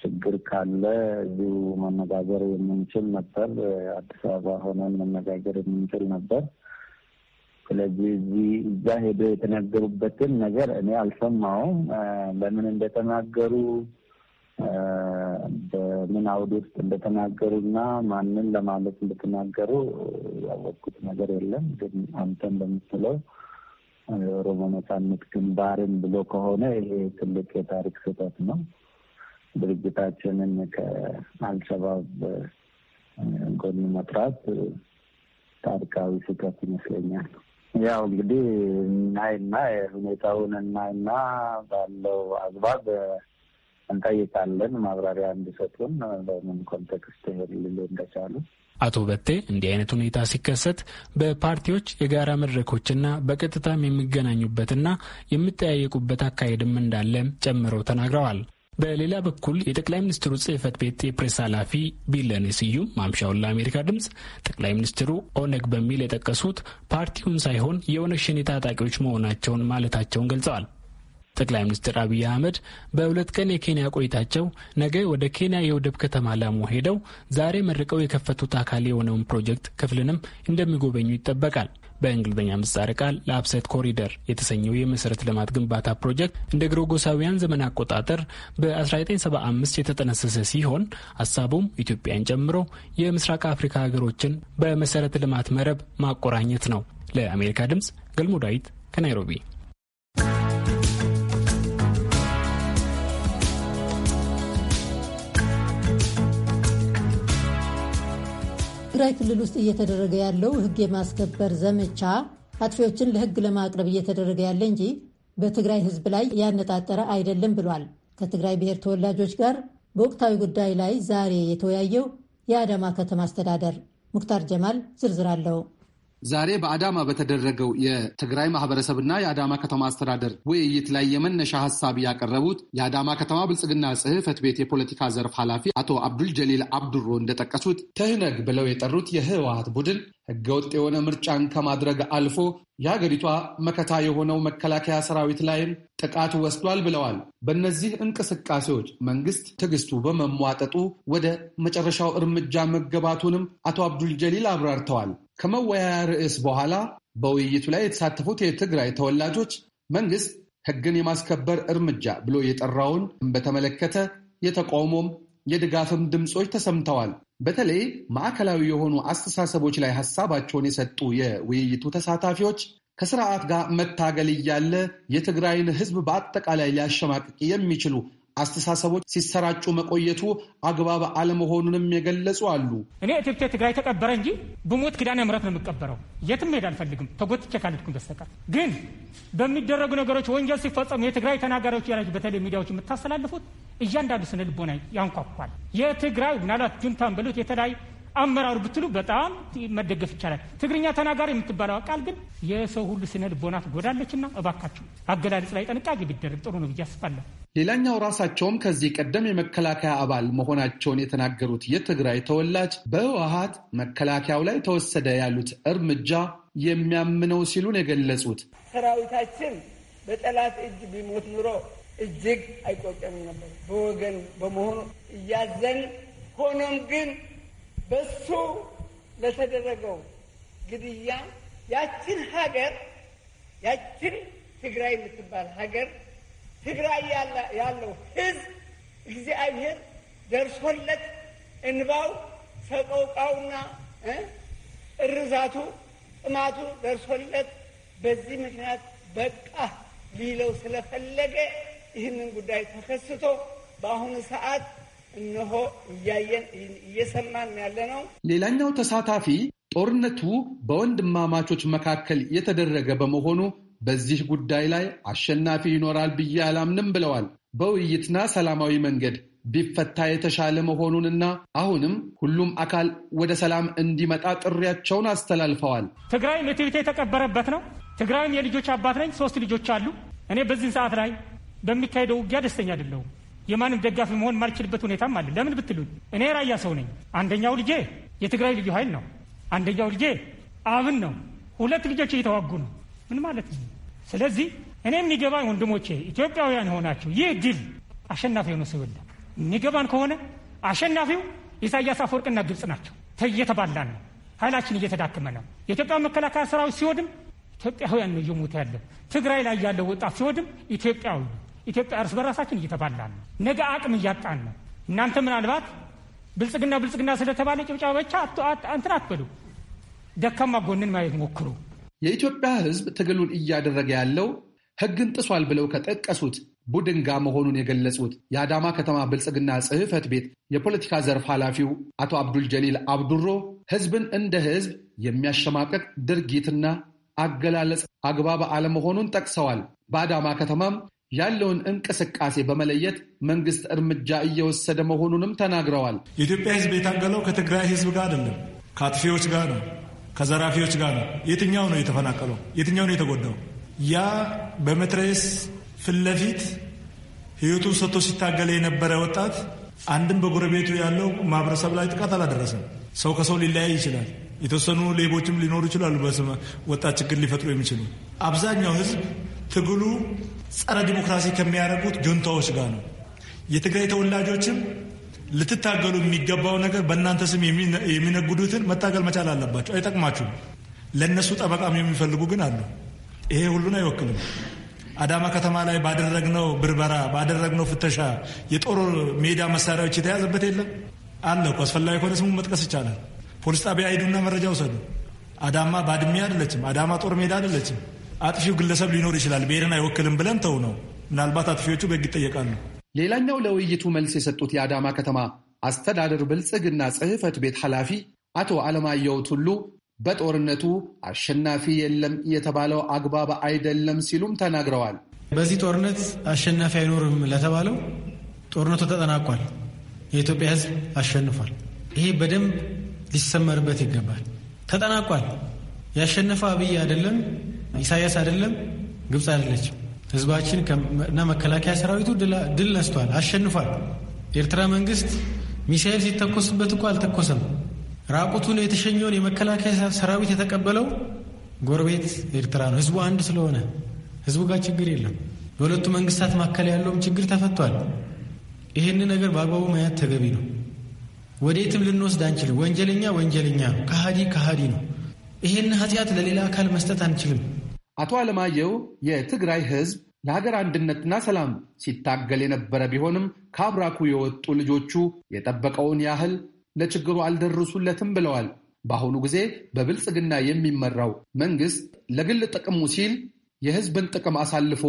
ችግር ካለ እዚሁ መነጋገር የምንችል ነበር። አዲስ አበባ ሆነን መነጋገር የምንችል ነበር። ስለዚህ እዚህ እዛ ሄደው የተነገሩበትን ነገር እኔ አልሰማውም። ለምን እንደተናገሩ በምን አውድ ውስጥ እንደተናገሩ ማንን ለማለት እንደተናገሩ ያወቅኩት ነገር የለም። ግን አንተ እንደምትለው የኦሮሞ ነፃነት ግንባርን ብሎ ከሆነ ይሄ ትልቅ የታሪክ ስህተት ነው። ድርጅታችንን ከአልሸባብ ጎን መጥራት ታሪካዊ ስህተት ይመስለኛል። ያው እንግዲህ እናይና ሁኔታውን እናይና ባለው አግባብ እንጠይቃለን። ማብራሪያ እንዲሰጡን በምን ኮንቴክስት ሄድ ሊሉ እንደቻሉ አቶ በቴ እንዲህ አይነት ሁኔታ ሲከሰት በፓርቲዎች የጋራ መድረኮችና በቀጥታም የሚገናኙበትና የሚጠያየቁበት አካሄድም እንዳለም ጨምረው ተናግረዋል። በሌላ በኩል የጠቅላይ ሚኒስትሩ ጽህፈት ቤት የፕሬስ ኃላፊ ቢለኔ ስዩም ማምሻውን ለአሜሪካ ድምፅ ጠቅላይ ሚኒስትሩ ኦነግ በሚል የጠቀሱት ፓርቲውን ሳይሆን የኦነግ ሸኔ ታጣቂዎች መሆናቸውን ማለታቸውን ገልጸዋል። ጠቅላይ ሚኒስትር አብይ አህመድ በሁለት ቀን የኬንያ ቆይታቸው ነገ ወደ ኬንያ የወደብ ከተማ ላሙ ሄደው ዛሬ መርቀው የከፈቱት አካል የሆነውን ፕሮጀክት ክፍልንም እንደሚጎበኙ ይጠበቃል። በእንግሊዝኛ ምህጻረ ቃል ለአፕሰት ኮሪደር የተሰኘው የመሰረት ልማት ግንባታ ፕሮጀክት እንደ ግሮጎሳውያን ዘመን አቆጣጠር በ1975 የተጠነሰሰ ሲሆን ሀሳቡም ኢትዮጵያን ጨምሮ የምስራቅ አፍሪካ ሀገሮችን በመሰረተ ልማት መረብ ማቆራኘት ነው። ለአሜሪካ ድምጽ ገልሞ ዳዊት ከናይሮቢ በትግራይ ክልል ውስጥ እየተደረገ ያለው ህግ የማስከበር ዘመቻ አጥፊዎችን ለህግ ለማቅረብ እየተደረገ ያለ እንጂ በትግራይ ህዝብ ላይ ያነጣጠረ አይደለም ብሏል። ከትግራይ ብሔር ተወላጆች ጋር በወቅታዊ ጉዳይ ላይ ዛሬ የተወያየው የአዳማ ከተማ አስተዳደር ሙክታር ጀማል ዝርዝር አለው። ዛሬ በአዳማ በተደረገው የትግራይ ማህበረሰብና የአዳማ ከተማ አስተዳደር ውይይት ላይ የመነሻ ሀሳብ ያቀረቡት የአዳማ ከተማ ብልጽግና ጽህፈት ቤት የፖለቲካ ዘርፍ ኃላፊ አቶ አብዱል ጀሊል አብዱሮ እንደጠቀሱት ትህነግ ብለው የጠሩት የህወሀት ቡድን ህገወጥ የሆነ ምርጫን ከማድረግ አልፎ የሀገሪቷ መከታ የሆነው መከላከያ ሰራዊት ላይም ጥቃት ወስዷል ብለዋል። በእነዚህ እንቅስቃሴዎች መንግስት ትዕግስቱ በመሟጠጡ ወደ መጨረሻው እርምጃ መገባቱንም አቶ አብዱል ጀሊል አብራርተዋል። ከመወያያ ርዕስ በኋላ በውይይቱ ላይ የተሳተፉት የትግራይ ተወላጆች መንግስት ህግን የማስከበር እርምጃ ብሎ የጠራውን በተመለከተ የተቃውሞም የድጋፍም ድምፆች ተሰምተዋል። በተለይ ማዕከላዊ የሆኑ አስተሳሰቦች ላይ ሀሳባቸውን የሰጡ የውይይቱ ተሳታፊዎች ከስርዓት ጋር መታገል እያለ የትግራይን ህዝብ በአጠቃላይ ሊያሸማቅቅ የሚችሉ አስተሳሰቦች ሲሰራጩ መቆየቱ አግባብ አለመሆኑንም የገለጹ አሉ። እኔ ኢትዮጵያ ትግራይ ተቀበረ እንጂ ብሞት ኪዳነ ምሕረት ነው የምቀበረው። የትም ሄድ አልፈልግም ተጎትቼ ካልሄድኩም በስተቀር ግን በሚደረጉ ነገሮች ወንጀል ሲፈጸሙ የትግራይ ተናጋሪዎች ያላችሁ በተለይ ሚዲያዎች የምታስተላልፉት እያንዳንዱ ስነ ልቦና ያንኳኳል። የትግራይ ምናልባት ጁንታን ብሉት የተለያዩ አመራሩ ብትሉ በጣም መደገፍ ይቻላል። ትግርኛ ተናጋሪ የምትባለው ቃል ግን የሰው ሁሉ ስነ ልቦና ትጎዳለችና እባካችሁ አገላለጽ ላይ ጥንቃቄ ቢደረግ ጥሩ ነው ብዬ አስባለሁ። ሌላኛው ራሳቸውም ከዚህ ቀደም የመከላከያ አባል መሆናቸውን የተናገሩት የትግራይ ተወላጅ በህወሀት መከላከያው ላይ ተወሰደ ያሉት እርምጃ የሚያምነው ሲሉን የገለጹት ሰራዊታችን በጠላት እጅ ቢሞት ኑሮ እጅግ አይቆጨም ነበር በወገን በመሆኑ እያዘን ሆኖም ግን በሱ ለተደረገው ግድያ ያችን ሀገር ያችን ትግራይ የምትባል ሀገር ትግራይ ያለው ህዝብ እግዚአብሔር ደርሶለት እንባው ሰቆቃውና እርዛቱ ጥማቱ ደርሶለት በዚህ ምክንያት በቃ ሊለው ስለፈለገ ይህንን ጉዳይ ተከስቶ በአሁኑ ሰዓት እነሆ እያየን እየሰማን ያለ ነው። ሌላኛው ተሳታፊ ጦርነቱ በወንድማማቾች መካከል የተደረገ በመሆኑ በዚህ ጉዳይ ላይ አሸናፊ ይኖራል ብዬ አላምንም ብለዋል። በውይይትና ሰላማዊ መንገድ ቢፈታ የተሻለ መሆኑንና አሁንም ሁሉም አካል ወደ ሰላም እንዲመጣ ጥሪያቸውን አስተላልፈዋል። ትግራይ የትቢቴ የተቀበረበት ነው። ትግራይም የልጆች አባት ነኝ። ሶስት ልጆች አሉ። እኔ በዚህን ሰዓት ላይ በሚካሄደው ውጊያ ደስተኛ አይደለሁም። የማንም ደጋፊ መሆን የማልችልበት ሁኔታም አለ። ለምን ብትሉኝ እኔ ራያ ሰው ነኝ። አንደኛው ልጄ የትግራይ ልዩ ኃይል ነው። አንደኛው ልጄ አብን ነው። ሁለት ልጆች እየተዋጉ ነው። ምን ማለት ነው? ስለዚህ እኔ የሚገባኝ ወንድሞቼ ኢትዮጵያውያን የሆናችሁ ይህ ድል አሸናፊ ሆኖ ስብል የሚገባን ከሆነ አሸናፊው ኢሳያስ አፈወርቅና ግብፅ ናቸው። እየተባላን ነው። ኃይላችን እየተዳከመ ነው። የኢትዮጵያ መከላከያ ሰራዊት ሲወድም ኢትዮጵያውያን ነው እየሞተ ያለው። ትግራይ ላይ ያለው ወጣት ሲወድም ኢትዮጵያዊ ነው። ኢትዮጵያ እርስ በራሳችን እየተባላን ነው። ነገ አቅም እያጣን ነው። እናንተ ምናልባት ብልጽግና ብልጽግና ስለተባለ ጭብጫ ብቻ እንትን አትበሉ። ደካማ ጎንን ማየት ሞክሩ። የኢትዮጵያ ሕዝብ ትግሉን እያደረገ ያለው ሕግን ጥሷል ብለው ከጠቀሱት ቡድን ጋር መሆኑን የገለጹት የአዳማ ከተማ ብልጽግና ጽሕፈት ቤት የፖለቲካ ዘርፍ ኃላፊው አቶ አብዱል ጀሊል አብዱሮ ሕዝብን እንደ ሕዝብ የሚያሸማቀቅ ድርጊትና አገላለጽ አግባብ አለመሆኑን ጠቅሰዋል። በአዳማ ከተማም ያለውን እንቅስቃሴ በመለየት መንግስት እርምጃ እየወሰደ መሆኑንም ተናግረዋል። የኢትዮጵያ ሕዝብ የታገለው ከትግራይ ሕዝብ ጋር አይደለም፣ ከአጥፊዎች ጋር ነው፣ ከዘራፊዎች ጋር ነው። የትኛው ነው የተፈናቀለው? የትኛው ነው የተጎዳው? ያ በመትረየስ ፊት ለፊት ሰጥቶ ሲታገለ የነበረ ወጣት አንድም በጎረቤቱ ያለው ማህበረሰብ ላይ ጥቃት አላደረሰም። ሰው ከሰው ሊለያይ ይችላል። የተወሰኑ ሌቦችም ሊኖሩ ይችላሉ፣ በስመ ወጣት ችግር ሊፈጥሩ የሚችሉ አብዛኛው ህዝብ ትግሉ ጸረ ዲሞክራሲ ከሚያደርጉት ጁንታዎች ጋር ነው። የትግራይ ተወላጆችም ልትታገሉ የሚገባው ነገር በእናንተ ስም የሚነግዱትን መታገል መቻል አለባቸው። አይጠቅማችሁም። ለእነሱ ጠበቃም የሚፈልጉ ግን አሉ። ይሄ ሁሉን አይወክልም። አዳማ ከተማ ላይ ባደረግነው ብርበራ ባደረግነው ፍተሻ የጦር ሜዳ መሳሪያዎች የተያዘበት የለም አለ እኮ። አስፈላጊ ከሆነ ስሙ መጥቀስ ይቻላል። ፖሊስ ጣቢያ ሂዱና መረጃ ውሰዱ። አዳማ ባድሜ አይደለችም። አዳማ ጦር ሜዳ አይደለችም። አጥፊው ግለሰብ ሊኖር ይችላል፣ ብሔርን አይወክልም ብለን ተው ነው። ምናልባት አጥፊዎቹ በሕግ ይጠየቃሉ። ሌላኛው ለውይይቱ መልስ የሰጡት የአዳማ ከተማ አስተዳደር ብልጽግና ጽሕፈት ቤት ኃላፊ አቶ አለማየሁ ቱሉ በጦርነቱ አሸናፊ የለም የተባለው አግባብ አይደለም ሲሉም ተናግረዋል። በዚህ ጦርነት አሸናፊ አይኖርም ለተባለው ጦርነቱ ተጠናቋል። የኢትዮጵያ ሕዝብ አሸንፏል። ይሄ በደንብ ሊሰመርበት ይገባል። ተጠናቋል። ያሸነፈው አብይ አይደለም ኢሳያስ አይደለም፣ ግብፅ አይደለችም። ህዝባችን እና መከላከያ ሰራዊቱ ድል ነስቷል፣ አሸንፏል። ኤርትራ መንግስት ሚሳኤል ሲተኮስበት እኮ አልተኮሰም። ራቁቱን የተሸኘውን የመከላከያ ሰራዊት የተቀበለው ጎረቤት ኤርትራ ነው። ህዝቡ አንድ ስለሆነ ህዝቡ ጋር ችግር የለም። በሁለቱ መንግስታት መካከል ያለውም ችግር ተፈቷል። ይህን ነገር በአግባቡ ማየት ተገቢ ነው። ወዴትም ልንወስድ አንችልም። ወንጀለኛ ወንጀለኛ ነው፣ ከሃዲ ከሃዲ ነው። ይህን ኃጢአት ለሌላ አካል መስጠት አንችልም። አቶ አለማየሁ የትግራይ ህዝብ ለሀገር አንድነትና ሰላም ሲታገል የነበረ ቢሆንም ከአብራኩ የወጡ ልጆቹ የጠበቀውን ያህል ለችግሩ አልደረሱለትም ብለዋል። በአሁኑ ጊዜ በብልጽግና የሚመራው መንግስት ለግል ጥቅሙ ሲል የህዝብን ጥቅም አሳልፎ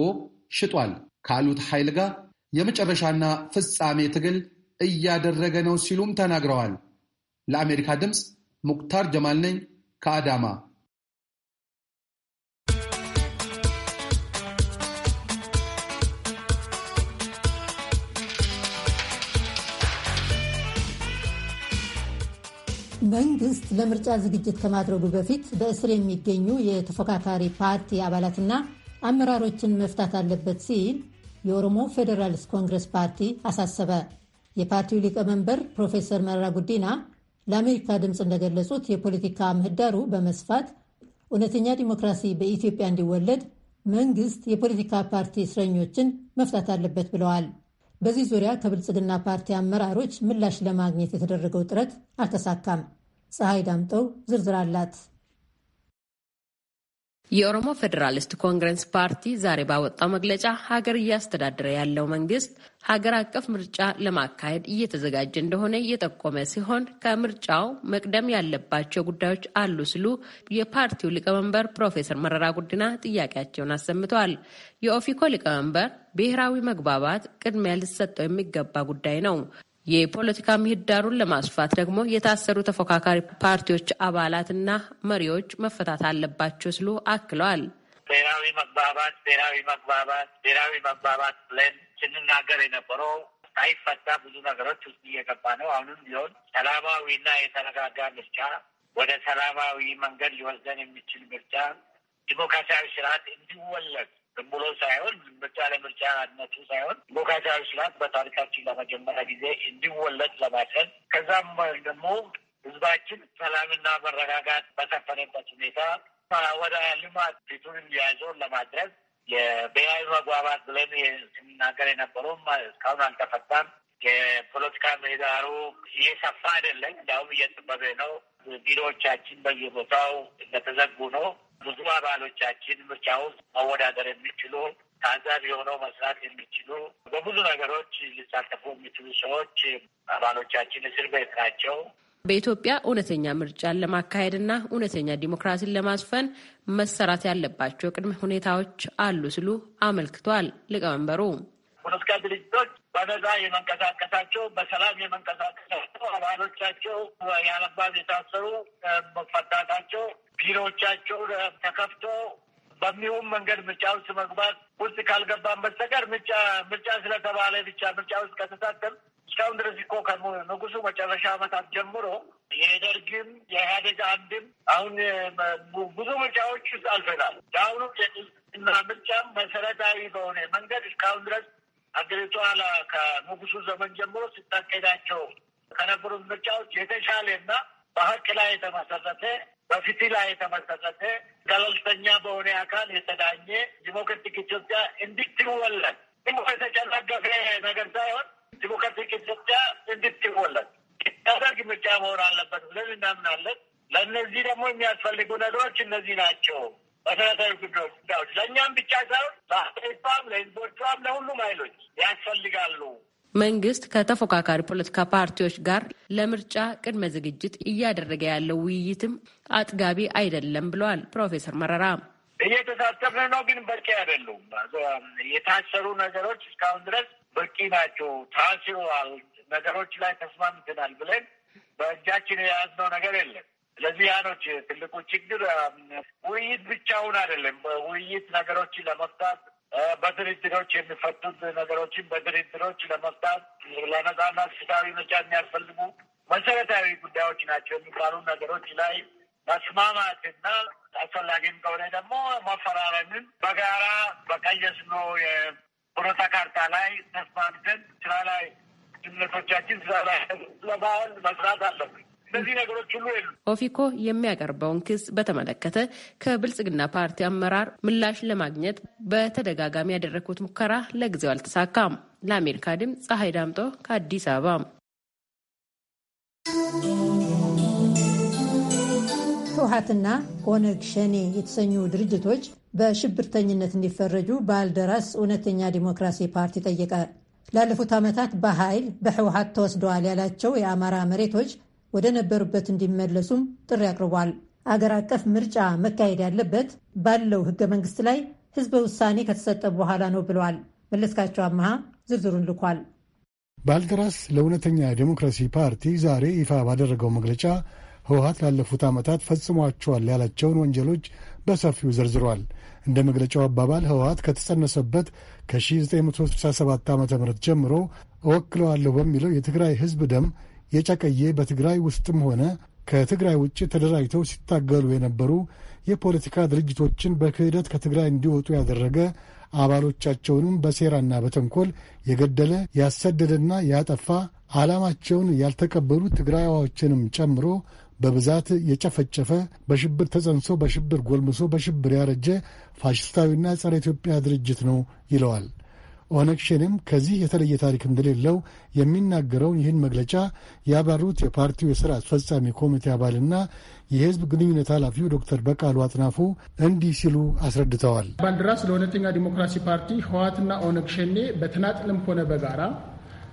ሽጧል ካሉት ኃይል ጋር የመጨረሻና ፍጻሜ ትግል እያደረገ ነው ሲሉም ተናግረዋል። ለአሜሪካ ድምፅ ሙክታር ጀማል ነኝ ከአዳማ መንግስት ለምርጫ ዝግጅት ከማድረጉ በፊት በእስር የሚገኙ የተፎካካሪ ፓርቲ አባላትና አመራሮችን መፍታት አለበት ሲል የኦሮሞ ፌዴራልስ ኮንግረስ ፓርቲ አሳሰበ። የፓርቲው ሊቀመንበር ፕሮፌሰር መረራ ጉዲና ለአሜሪካ ድምፅ እንደገለጹት የፖለቲካ ምህዳሩ በመስፋት እውነተኛ ዲሞክራሲ በኢትዮጵያ እንዲወለድ መንግስት የፖለቲካ ፓርቲ እስረኞችን መፍታት አለበት ብለዋል። በዚህ ዙሪያ ከብልጽግና ፓርቲ አመራሮች ምላሽ ለማግኘት የተደረገው ጥረት አልተሳካም። ፀሐይ ዳምጠው ዝርዝር አላት። የኦሮሞ ፌዴራሊስት ኮንግረስ ፓርቲ ዛሬ ባወጣው መግለጫ ሀገር እያስተዳደረ ያለው መንግስት ሀገር አቀፍ ምርጫ ለማካሄድ እየተዘጋጀ እንደሆነ እየጠቆመ ሲሆን ከምርጫው መቅደም ያለባቸው ጉዳዮች አሉ ሲሉ የፓርቲው ሊቀመንበር ፕሮፌሰር መረራ ጉዲና ጥያቄያቸውን አሰምተዋል። የኦፊኮ ሊቀመንበር ብሔራዊ መግባባት ቅድሚያ ሊሰጠው የሚገባ ጉዳይ ነው። የፖለቲካ ምህዳሩን ለማስፋት ደግሞ የታሰሩ ተፎካካሪ ፓርቲዎች አባላትና መሪዎች መፈታት አለባቸው ሲሉ አክለዋል። ብሔራዊ መግባባት ብሔራዊ መግባባት ብሔራዊ መግባባት ብለን ስንናገር የነበረው ሳይፈታ ብዙ ነገሮች ውስጥ እየገባ ነው። አሁንም ቢሆን ሰላማዊና የተረጋጋ ምርጫ ወደ ሰላማዊ መንገድ ሊወስደን የሚችል ምርጫ ዲሞክራሲያዊ ስርዓት እንዲወለድ ዝም ብሎ ሳይሆን ምርጫ ለምርጫነቱ ሳይሆን ዲሞክራሲያዊ ስርዓት በታሪካችን ለመጀመሪያ ጊዜ እንዲወለድ ለማድረግ ከዛም ደግሞ ህዝባችን ሰላምና መረጋጋት በሰፈነበት ሁኔታ ወደ ልማት ፊቱን እንዲያዞን ለማድረግ የብሔራዊ መግባባት ብለን ስናገር የነበረውም እስካሁን አልተፈታም። የፖለቲካ ምህዳሩ እየሰፋ አይደለም፣ እንዲሁም እየጠበበ ነው። ቢሮዎቻችን በየቦታው እንደተዘጉ ነው። ብዙ አባሎቻችን ምርጫ መወዳደር የሚችሉ ታዛቢ የሆነው መስራት የሚችሉ በብዙ ነገሮች ሊሳተፉ የሚችሉ ሰዎች አባሎቻችን እስር ቤት ናቸው። በኢትዮጵያ እውነተኛ ምርጫን ለማካሄድና እውነተኛ ዲሞክራሲን ለማስፈን መሰራት ያለባቸው ቅድመ ሁኔታዎች አሉ ሲሉ አመልክቷል ሊቀመንበሩ። ፖለቲካ ድርጅቶች በነጻ የመንቀሳቀሳቸው በሰላም የመንቀሳቀሳቸው፣ አባሎቻቸው ያለአግባብ የታሰሩ መፈታታቸው፣ ቢሮዎቻቸው ተከፍቶ በሚውም መንገድ ምርጫ ውስጥ መግባት ውስጥ ካልገባን በስተቀር ምርጫ ምርጫ ስለተባለ ብቻ ምርጫ ውስጥ ከተሳተም እስካሁን ድረስ እኮ ከንጉሱ መጨረሻ ዓመታት ጀምሮ የደርግም የኢህአዴግ አንድም አሁን ብዙ ምርጫዎች ውስጥ አልፈናል። ለአሁኑ እና ምርጫም መሰረታዊ በሆነ መንገድ እስካሁን ድረስ አገሪቷ ከንጉሱ ዘመን ጀምሮ ስታካሄዳቸው ከነበሩት ምርጫዎች የተሻለ እና በሀቅ ላይ የተመሰረተ በፍትህ ላይ የተመሰረተ ገለልተኛ በሆነ አካል የተዳኘ ዲሞክራቲክ ኢትዮጵያ እንድትወለድ ሞ የተጨናገፈ ነገር ሳይሆን ዲሞክራቲክ ኢትዮጵያ እንድትወለድ ሲታደርግ ምርጫ መሆን አለበት ብለን እናምናለን። ለእነዚህ ደግሞ የሚያስፈልጉ ነገሮች እነዚህ ናቸው። መሰረታዊ ጉዳዮች ለእኛም ብቻ ሳይሆን ለአፍሪካም፣ ለህዝቦቿም፣ ለሁሉም ኃይሎች ያስፈልጋሉ። መንግስት ከተፎካካሪ ፖለቲካ ፓርቲዎች ጋር ለምርጫ ቅድመ ዝግጅት እያደረገ ያለው ውይይትም አጥጋቢ አይደለም ብለዋል ፕሮፌሰር መረራ። እየተሳተፍን ነው፣ ግን በቂ አይደሉም። የታሰሩ ነገሮች እስካሁን ድረስ በቂ ናቸው። ታስረዋል፣ ነገሮች ላይ ተስማምተናል ብለን በእጃችን የያዝነው ነገር የለም። ስለዚህ ያኖች ትልቁ ችግር ውይይት ብቻውን አይደለም። ውይይት ነገሮችን ለመፍታት በድርድሮች የሚፈቱት ነገሮችን በድርድሮች ለመፍታት ለነጻና ፍትሃዊ ምርጫ የሚያስፈልጉ መሰረታዊ ጉዳዮች ናቸው የሚባሉ ነገሮች ላይ መስማማትና አስፈላጊም ከሆነ ደግሞ መፈራረምን በጋራ በቀየስነው የፍኖተ ካርታ ላይ ተስማምተን ስራ ላይ ስምምነቶቻችን ስራ ላይ ለማዋል መስራት አለብን። እነዚህ ነገሮች ሁሉ የሉ። ኦፊኮ የሚያቀርበውን ክስ በተመለከተ ከብልጽግና ፓርቲ አመራር ምላሽ ለማግኘት በተደጋጋሚ ያደረግኩት ሙከራ ለጊዜው አልተሳካም። ለአሜሪካ ድምፅ ፀሐይ ዳምጦ ከአዲስ አበባ። ህወሓትና ኦነግ ሸኔ የተሰኙ ድርጅቶች በሽብርተኝነት እንዲፈረጁ ባልደራስ እውነተኛ ዲሞክራሲ ፓርቲ ጠየቀ። ላለፉት ዓመታት በኃይል በህወሓት ተወስደዋል ያላቸው የአማራ መሬቶች ወደ ነበሩበት እንዲመለሱም ጥሪ አቅርቧል። አገር አቀፍ ምርጫ መካሄድ ያለበት ባለው ህገ መንግስት ላይ ህዝበ ውሳኔ ከተሰጠ በኋላ ነው ብለዋል። መለስካቸው አመሃ ዝርዝሩን ልኳል። ባልደራስ ለእውነተኛ ዴሞክራሲ ፓርቲ ዛሬ ይፋ ባደረገው መግለጫ ህወሀት ላለፉት ዓመታት ፈጽሟቸዋል ያላቸውን ወንጀሎች በሰፊው ዘርዝሯል። እንደ መግለጫው አባባል ህወሀት ከተጸነሰበት ከ1967 ዓ ም ጀምሮ እወክለዋለሁ በሚለው የትግራይ ህዝብ ደም የጨቀየ በትግራይ ውስጥም ሆነ ከትግራይ ውጭ ተደራጅተው ሲታገሉ የነበሩ የፖለቲካ ድርጅቶችን በክህደት ከትግራይ እንዲወጡ ያደረገ አባሎቻቸውንም በሴራና በተንኮል የገደለ ያሰደደና ያጠፋ ዓላማቸውን ያልተቀበሉ ትግራዋዮችንም ጨምሮ በብዛት የጨፈጨፈ በሽብር ተጸንሶ በሽብር ጎልምሶ በሽብር ያረጀ ፋሽስታዊና ጸረ ኢትዮጵያ ድርጅት ነው ይለዋል። ኦነግ ሸኔም ከዚህ የተለየ ታሪክ እንደሌለው የሚናገረውን ይህን መግለጫ ያብራሩት የፓርቲው የሥራ አስፈጻሚ ኮሚቴ አባልና የሕዝብ ግንኙነት ኃላፊው ዶክተር በቃሉ አጥናፉ እንዲህ ሲሉ አስረድተዋል። ባንዲራ ስለ እውነተኛ ዲሞክራሲ ፓርቲ ህወሓትና ኦነግ ሸኔ በተናጥልም ሆነ በጋራ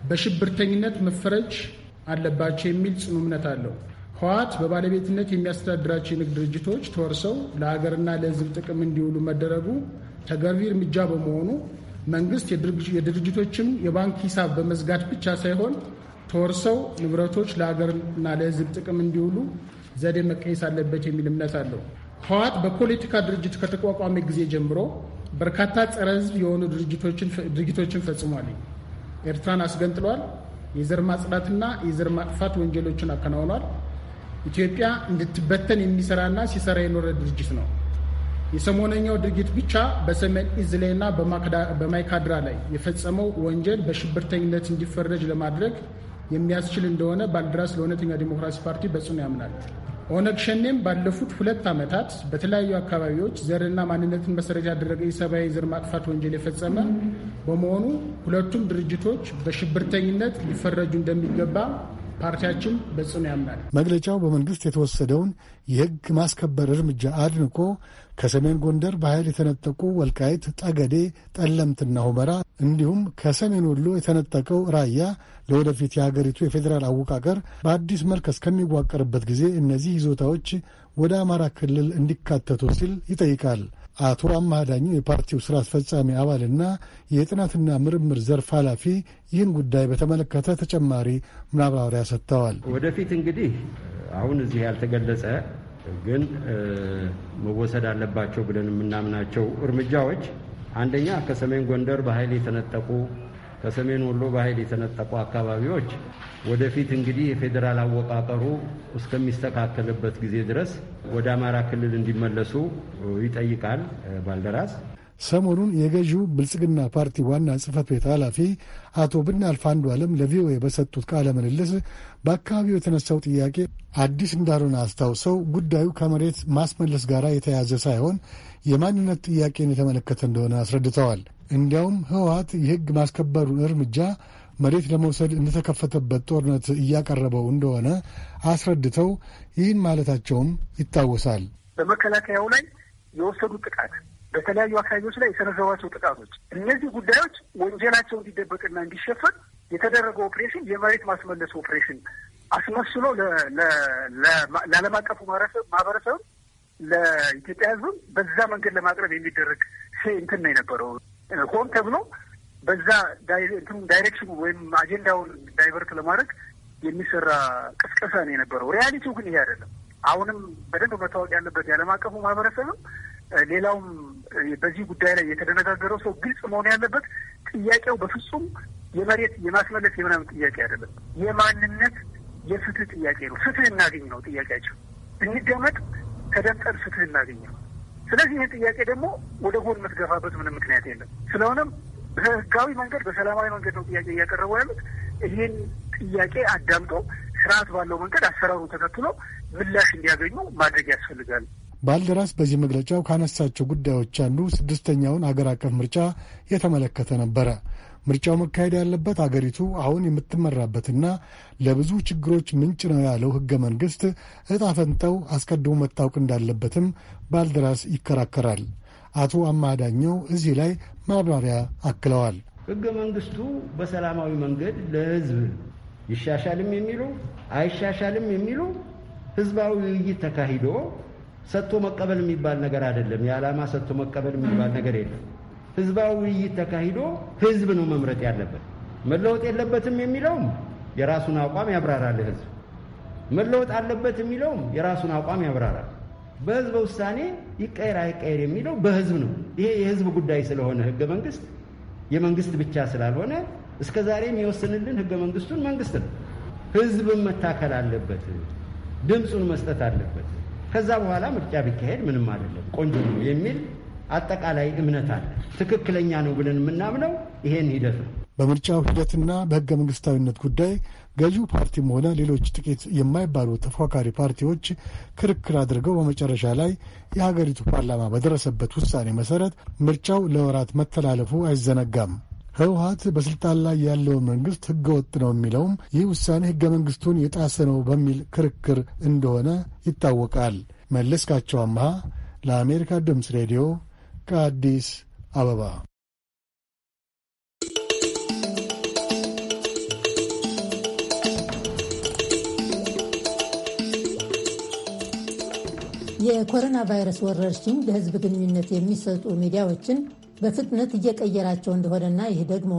በሽብርተኝነት መፈረጅ አለባቸው የሚል ጽኑ እምነት አለው። ህወሓት በባለቤትነት የሚያስተዳድራቸው የንግድ ድርጅቶች ተወርሰው ለሀገርና ለህዝብ ጥቅም እንዲውሉ መደረጉ ተገቢ እርምጃ በመሆኑ መንግስት የድርጅቶችን የባንክ ሂሳብ በመዝጋት ብቻ ሳይሆን ተወርሰው ንብረቶች ለሀገርና ለሕዝብ ጥቅም እንዲውሉ ዘዴ መቀየስ አለበት የሚል እምነት አለው። ህወሓት በፖለቲካ ድርጅት ከተቋቋመ ጊዜ ጀምሮ በርካታ ጸረ ሕዝብ የሆኑ ድርጊቶችን ፈጽሟል። ኤርትራን አስገንጥሏል። የዘር ማጽዳትና የዘር ማጥፋት ወንጀሎችን አከናውኗል። ኢትዮጵያ እንድትበተን የሚሰራና ሲሰራ የኖረ ድርጅት ነው። የሰሞነኛው ድርጊት ብቻ በሰሜን እዝ ላይና በማይካድራ ላይ የፈጸመው ወንጀል በሽብርተኝነት እንዲፈረጅ ለማድረግ የሚያስችል እንደሆነ ባልደራስ ለእውነተኛ ዲሞክራሲ ፓርቲ በጽኑ ያምናል። ኦነግ ሸኔም ባለፉት ሁለት ዓመታት በተለያዩ አካባቢዎች ዘርና ማንነትን መሰረት ያደረገ የሰብአዊ ዘር ማጥፋት ወንጀል የፈጸመ በመሆኑ ሁለቱም ድርጅቶች በሽብርተኝነት ሊፈረጁ እንደሚገባ ፓርቲያችን በጽኑ ያምናል። መግለጫው በመንግስት የተወሰደውን የህግ ማስከበር እርምጃ አድንቆ ከሰሜን ጎንደር በኃይል የተነጠቁ ወልቃይት፣ ጠገዴ፣ ጠለምትና ሁመራ እንዲሁም ከሰሜን ወሎ የተነጠቀው ራያ ለወደፊት የሀገሪቱ የፌዴራል አወቃቀር በአዲስ መልክ እስከሚዋቀርበት ጊዜ እነዚህ ይዞታዎች ወደ አማራ ክልል እንዲካተቱ ሲል ይጠይቃል። አቶ አማህ የፓርቲው ስራ አስፈጻሚ አባልና የጥናትና ምርምር ዘርፍ ኃላፊ ይህን ጉዳይ በተመለከተ ተጨማሪ ማብራሪያ ሰጥተዋል። ወደፊት እንግዲህ አሁን እዚህ ያልተገለጸ ግን መወሰድ አለባቸው ብለን የምናምናቸው እርምጃዎች አንደኛ ከሰሜን ጎንደር በኃይል የተነጠቁ ከሰሜን ወሎ በኃይል የተነጠቁ አካባቢዎች ወደፊት እንግዲህ የፌዴራል አወቃቀሩ እስከሚስተካከልበት ጊዜ ድረስ ወደ አማራ ክልል እንዲመለሱ ይጠይቃል። ባልደራስ ሰሞኑን የገዢው ብልጽግና ፓርቲ ዋና ጽህፈት ቤት ኃላፊ አቶ ብናልፍ አንዱ ዓለም ለቪኦኤ በሰጡት ቃለ ምልልስ በአካባቢው የተነሳው ጥያቄ አዲስ እንዳልሆነ አስታውሰው ጉዳዩ ከመሬት ማስመለስ ጋር የተያያዘ ሳይሆን የማንነት ጥያቄን የተመለከተ እንደሆነ አስረድተዋል። እንዲያውም ህወሀት የህግ ማስከበሩን እርምጃ መሬት ለመውሰድ እንደተከፈተበት ጦርነት እያቀረበው እንደሆነ አስረድተው ይህን ማለታቸውም ይታወሳል። በመከላከያው ላይ የወሰዱ ጥቃት፣ በተለያዩ አካባቢዎች ላይ የሰነዘሯቸው ጥቃቶች፣ እነዚህ ጉዳዮች ወንጀላቸው እንዲደበቅና እንዲሸፈን የተደረገው ኦፕሬሽን የመሬት ማስመለስ ኦፕሬሽን አስመስሎ ለዓለም አቀፉ ማህበረሰብ ለኢትዮጵያ ህዝብም በዛ መንገድ ለማቅረብ የሚደረግ እንትን ነው የነበረው። ሆን ተብሎ በዛ ዳይሬክሽኑ ወይም አጀንዳውን ዳይቨርት ለማድረግ የሚሰራ ቅስቀሳ ነው የነበረው። ሪያሊቲው ግን ይሄ አይደለም። አሁንም በደንብ መታወቅ ያለበት የዓለም አቀፉ ማህበረሰብም ሌላውም በዚህ ጉዳይ ላይ የተደነጋገረው ሰው ግልጽ መሆን ያለበት ጥያቄው በፍጹም የመሬት የማስመለስ የምናምን ጥያቄ አይደለም። የማንነት የፍትህ ጥያቄ ነው። ፍትህ እናገኝ ነው ጥያቄያቸው። እንደመጥ ተደምጠን ፍትህ እናገኝ ነው። ስለዚህ ይህን ጥያቄ ደግሞ ወደ ጎን የምትገፋበት ምንም ምክንያት የለም። ስለሆነም በህጋዊ መንገድ በሰላማዊ መንገድ ነው ጥያቄ እያቀረቡ ያሉት። ይህን ጥያቄ አዳምጦ ስርዓት ባለው መንገድ አሰራሩ ተከትሎ ምላሽ እንዲያገኙ ማድረግ ያስፈልጋል። ባልደራስ በዚህ መግለጫው ካነሳቸው ጉዳዮች አንዱ ስድስተኛውን ሀገር አቀፍ ምርጫ የተመለከተ ነበረ። ምርጫው መካሄድ ያለበት አገሪቱ አሁን የምትመራበትና ለብዙ ችግሮች ምንጭ ነው ያለው ህገ መንግስት እጣ ፈንታው አስቀድሞ መታወቅ እንዳለበትም ባልደራስ ይከራከራል። አቶ አማዳኘው እዚህ ላይ ማብራሪያ አክለዋል። ህገ መንግስቱ በሰላማዊ መንገድ ለህዝብ ይሻሻልም የሚሉ አይሻሻልም የሚሉ ህዝባዊ ውይይት ተካሂዶ ሰጥቶ መቀበል የሚባል ነገር አይደለም። የዓላማ ሰጥቶ መቀበል የሚባል ነገር የለም። ህዝባዊ ውይይት ተካሂዶ ህዝብ ነው መምረጥ ያለበት። መለወጥ የለበትም የሚለውም የራሱን አቋም ያብራራል። ህዝብ መለወጥ አለበት የሚለውም የራሱን አቋም ያብራራል። በህዝበ ውሳኔ ይቀየር አይቀየር የሚለው በህዝብ ነው። ይሄ የህዝብ ጉዳይ ስለሆነ ህገ መንግስት የመንግስት ብቻ ስላልሆነ እስከ ዛሬም የወሰንልን ህገ መንግስቱን መንግስት ነው። ህዝብን መታከል አለበት፣ ድምፁን መስጠት አለበት። ከዛ በኋላ ምርጫ ቢካሄድ ምንም አይደለም ቆንጆ ነው የሚል አጠቃላይ እምነት አለ። ትክክለኛ ነው ብለን የምናምነው ይሄን ሂደት ነው። በምርጫው ሂደትና በህገ መንግስታዊነት ጉዳይ ገዢው ፓርቲም ሆነ ሌሎች ጥቂት የማይባሉ ተፎካካሪ ፓርቲዎች ክርክር አድርገው በመጨረሻ ላይ የሀገሪቱ ፓርላማ በደረሰበት ውሳኔ መሰረት ምርጫው ለወራት መተላለፉ አይዘነጋም። ህወሀት በስልጣን ላይ ያለውን መንግስት ህገ ወጥ ነው የሚለውም ይህ ውሳኔ ህገ መንግስቱን የጣሰ ነው በሚል ክርክር እንደሆነ ይታወቃል። መለስካቸው አምሃ ለአሜሪካ ድምፅ ሬዲዮ ከአዲስ አበባ የኮሮና ቫይረስ ወረርሽኝ ለሕዝብ ግንኙነት የሚሰጡ ሚዲያዎችን በፍጥነት እየቀየራቸው እንደሆነና ይህ ደግሞ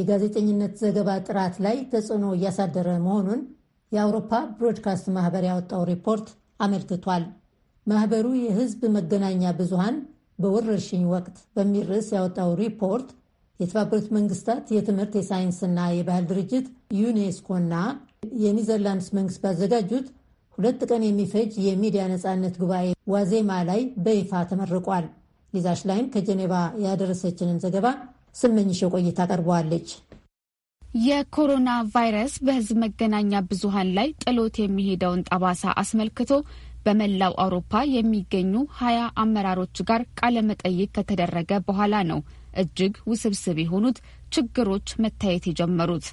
የጋዜጠኝነት ዘገባ ጥራት ላይ ተጽዕኖ እያሳደረ መሆኑን የአውሮፓ ብሮድካስት ማህበር ያወጣው ሪፖርት አመልክቷል። ማህበሩ የሕዝብ መገናኛ ብዙሃን በወረርሽኝ ወቅት በሚል ርዕስ ያወጣው ሪፖርት የተባበሩት መንግስታት የትምህርት የሳይንስና የባህል ድርጅት ዩኔስኮና የኒዘርላንድስ መንግስት ባዘጋጁት ሁለት ቀን የሚፈጅ የሚዲያ ነፃነት ጉባኤ ዋዜማ ላይ በይፋ ተመርቋል። ሊዛ ሽላይን ከጀኔቫ ያደረሰችንን ዘገባ ስመኝሽ ቆይታ ቀርበዋለች። የኮሮና ቫይረስ በህዝብ መገናኛ ብዙሃን ላይ ጥሎት የሚሄደውን ጠባሳ አስመልክቶ በመላው አውሮፓ የሚገኙ ሀያ አመራሮች ጋር ቃለመጠይቅ ከተደረገ በኋላ ነው እጅግ ውስብስብ የሆኑት ችግሮች መታየት የጀመሩት።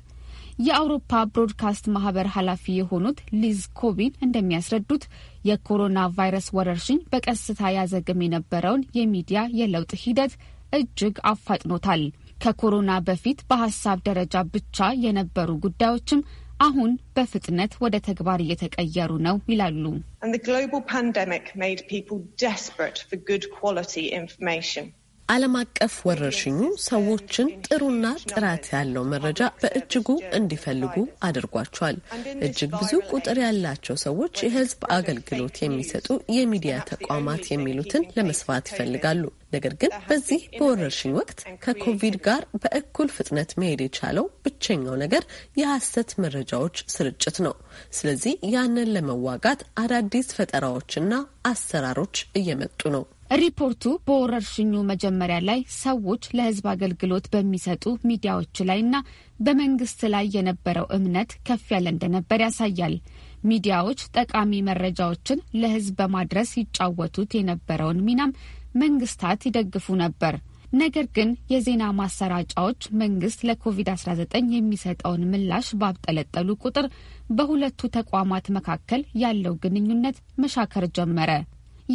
የአውሮፓ ብሮድካስት ማህበር ኃላፊ የሆኑት ሊዝ ኮቢን እንደሚያስረዱት የኮሮና ቫይረስ ወረርሽኝ በቀስታ ያዘግም የነበረውን የሚዲያ የለውጥ ሂደት እጅግ አፋጥኖታል። ከኮሮና በፊት በሀሳብ ደረጃ ብቻ የነበሩ ጉዳዮችም አሁን በፍጥነት ወደ ተግባር እየተቀየሩ ነው ይላሉ። ዓለም አቀፍ ወረርሽኙ ሰዎችን ጥሩና ጥራት ያለው መረጃ በእጅጉ እንዲፈልጉ አድርጓቸዋል። እጅግ ብዙ ቁጥር ያላቸው ሰዎች የሕዝብ አገልግሎት የሚሰጡ የሚዲያ ተቋማት የሚሉትን ለመስፋት ይፈልጋሉ። ነገር ግን በዚህ በወረርሽኝ ወቅት ከኮቪድ ጋር በእኩል ፍጥነት መሄድ የቻለው ብቸኛው ነገር የሐሰት መረጃዎች ስርጭት ነው። ስለዚህ ያንን ለመዋጋት አዳዲስ ፈጠራዎችና አሰራሮች እየመጡ ነው። ሪፖርቱ በወረርሽኙ መጀመሪያ ላይ ሰዎች ለሕዝብ አገልግሎት በሚሰጡ ሚዲያዎች ላይ እና በመንግስት ላይ የነበረው እምነት ከፍ ያለ እንደነበር ያሳያል። ሚዲያዎች ጠቃሚ መረጃዎችን ለሕዝብ በማድረስ ይጫወቱት የነበረውን ሚናም መንግስታት ይደግፉ ነበር። ነገር ግን የዜና ማሰራጫዎች መንግስት ለኮቪድ-19 የሚሰጠውን ምላሽ ባብጠለጠሉ ቁጥር በሁለቱ ተቋማት መካከል ያለው ግንኙነት መሻከር ጀመረ።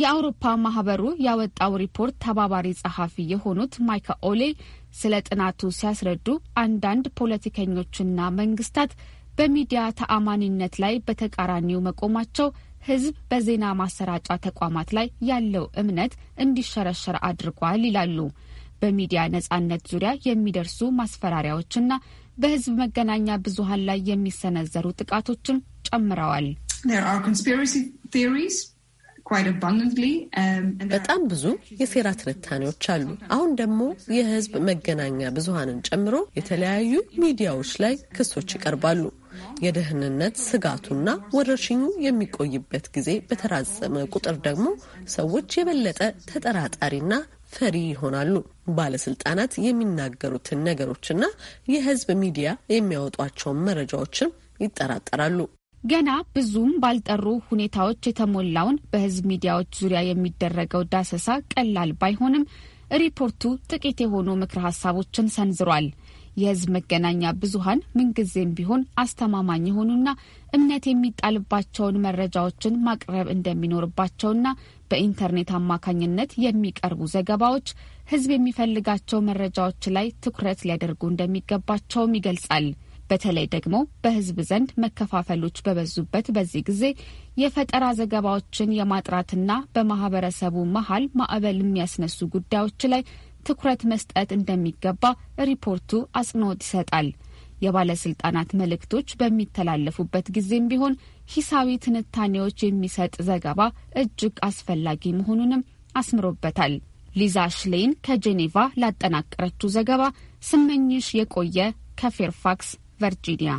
የአውሮፓ ማህበሩ ያወጣው ሪፖርት ተባባሪ ጸሐፊ የሆኑት ማይካ ኦሌ ስለ ጥናቱ ሲያስረዱ አንዳንድ ፖለቲከኞችና መንግስታት በሚዲያ ተአማኒነት ላይ በተቃራኒው መቆማቸው ህዝብ በዜና ማሰራጫ ተቋማት ላይ ያለው እምነት እንዲሸረሸር አድርጓል ይላሉ። በሚዲያ ነጻነት ዙሪያ የሚደርሱ ማስፈራሪያዎችና በህዝብ መገናኛ ብዙሀን ላይ የሚሰነዘሩ ጥቃቶችም ጨምረዋል። Um, በጣም ብዙ የሴራ ትንታኔዎች አሉ። አሁን ደግሞ የህዝብ መገናኛ ብዙሃንን ጨምሮ የተለያዩ ሚዲያዎች ላይ ክሶች ይቀርባሉ። የደህንነት ስጋቱና ወረርሽኙ የሚቆይበት ጊዜ በተራዘመ ቁጥር ደግሞ ሰዎች የበለጠ ተጠራጣሪና ፈሪ ይሆናሉ። ባለስልጣናት የሚናገሩትን ነገሮችና የህዝብ ሚዲያ የሚያወጧቸውን መረጃዎችም ይጠራጠራሉ። ገና ብዙም ባልጠሩ ሁኔታዎች የተሞላውን በህዝብ ሚዲያዎች ዙሪያ የሚደረገው ዳሰሳ ቀላል ባይሆንም ሪፖርቱ ጥቂት የሆኑ ምክረ ሀሳቦችን ሰንዝሯል። የህዝብ መገናኛ ብዙሀን ምንጊዜም ቢሆን አስተማማኝ የሆኑና እምነት የሚጣልባቸውን መረጃዎችን ማቅረብ እንደሚኖርባቸውና በኢንተርኔት አማካኝነት የሚቀርቡ ዘገባዎች ህዝብ የሚፈልጋቸው መረጃዎች ላይ ትኩረት ሊያደርጉ እንደሚገባቸውም ይገልጻል። በተለይ ደግሞ በህዝብ ዘንድ መከፋፈሎች በበዙበት በዚህ ጊዜ የፈጠራ ዘገባዎችን የማጥራትና በማህበረሰቡ መሀል ማዕበል የሚያስነሱ ጉዳዮች ላይ ትኩረት መስጠት እንደሚገባ ሪፖርቱ አጽንኦት ይሰጣል። የባለስልጣናት መልእክቶች በሚተላለፉበት ጊዜም ቢሆን ሂሳዊ ትንታኔዎች የሚሰጥ ዘገባ እጅግ አስፈላጊ መሆኑንም አስምሮበታል። ሊዛ ሽሌይን ከጄኔቫ ላጠናቀረችው ዘገባ ስመኝሽ የቆየ ከፌርፋክስ ቨርጂኒያ።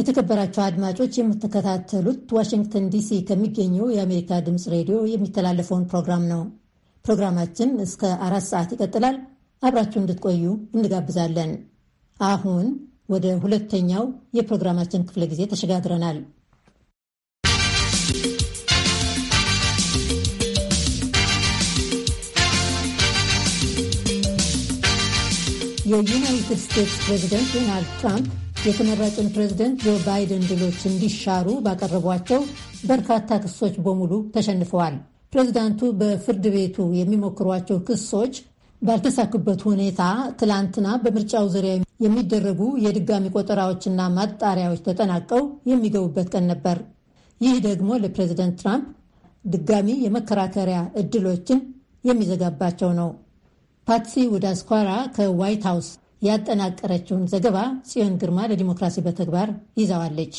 የተከበራቸው አድማጮች የምትከታተሉት ዋሽንግተን ዲሲ ከሚገኘው የአሜሪካ ድምፅ ሬዲዮ የሚተላለፈውን ፕሮግራም ነው። ፕሮግራማችን እስከ አራት ሰዓት ይቀጥላል። አብራችሁ እንድትቆዩ እንጋብዛለን። አሁን ወደ ሁለተኛው የፕሮግራማችን ክፍለ ጊዜ ተሸጋግረናል። የዩናይትድ ስቴትስ ፕሬዚደንት ዶናልድ ትራምፕ የተመራጩን ፕሬዚደንት ጆ ባይደን ድሎች እንዲሻሩ ባቀረቧቸው በርካታ ክሶች በሙሉ ተሸንፈዋል። ፕሬዚዳንቱ በፍርድ ቤቱ የሚሞክሯቸው ክሶች ባልተሳኩበት ሁኔታ ትላንትና በምርጫው ዙሪያ የሚደረጉ የድጋሚ ቆጠራዎችና ማጣሪያዎች ተጠናቀው የሚገቡበት ቀን ነበር። ይህ ደግሞ ለፕሬዚደንት ትራምፕ ድጋሚ የመከራከሪያ እድሎችን የሚዘጋባቸው ነው። ፓትሲ ወደ አስኳራ ከዋይት ሀውስ ያጠናቀረችውን ዘገባ ጽዮን ግርማ ለዲሞክራሲ በተግባር ይዛዋለች።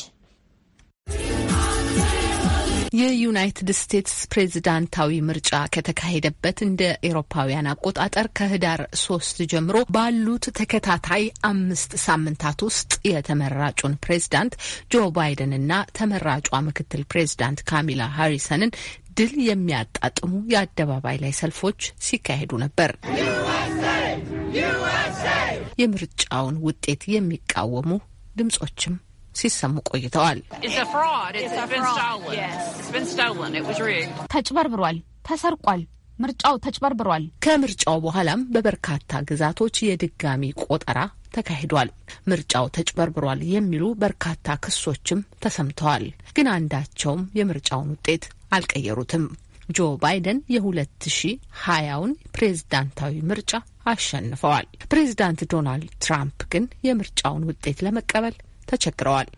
የዩናይትድ ስቴትስ ፕሬዝዳንታዊ ምርጫ ከተካሄደበት እንደ ኤሮፓውያን አቆጣጠር ከህዳር ሶስት ጀምሮ ባሉት ተከታታይ አምስት ሳምንታት ውስጥ የተመራጩን ፕሬዝዳንት ጆ ባይደንና ተመራጯ ምክትል ፕሬዝዳንት ካሚላ ሃሪሰንን ድል የሚያጣጥሙ የአደባባይ ላይ ሰልፎች ሲካሄዱ ነበር። የምርጫውን ውጤት የሚቃወሙ ድምጾችም ሲሰሙ ቆይተዋል። ተጭበርብሯል፣ ተሰርቋል፣ ምርጫው ተጭበርብሯል። ከምርጫው በኋላም በበርካታ ግዛቶች የድጋሚ ቆጠራ ተካሂዷል። ምርጫው ተጭበርብሯል የሚሉ በርካታ ክሶችም ተሰምተዋል። ግን አንዳቸውም የምርጫውን ውጤት አልቀየሩትም። ጆ ባይደን የ2020ውን ፕሬዝዳንታዊ ምርጫ አሸንፈዋል። ፕሬዝዳንት ዶናልድ ትራምፕ ግን የምርጫውን ውጤት ለመቀበል ተቸግረዋል።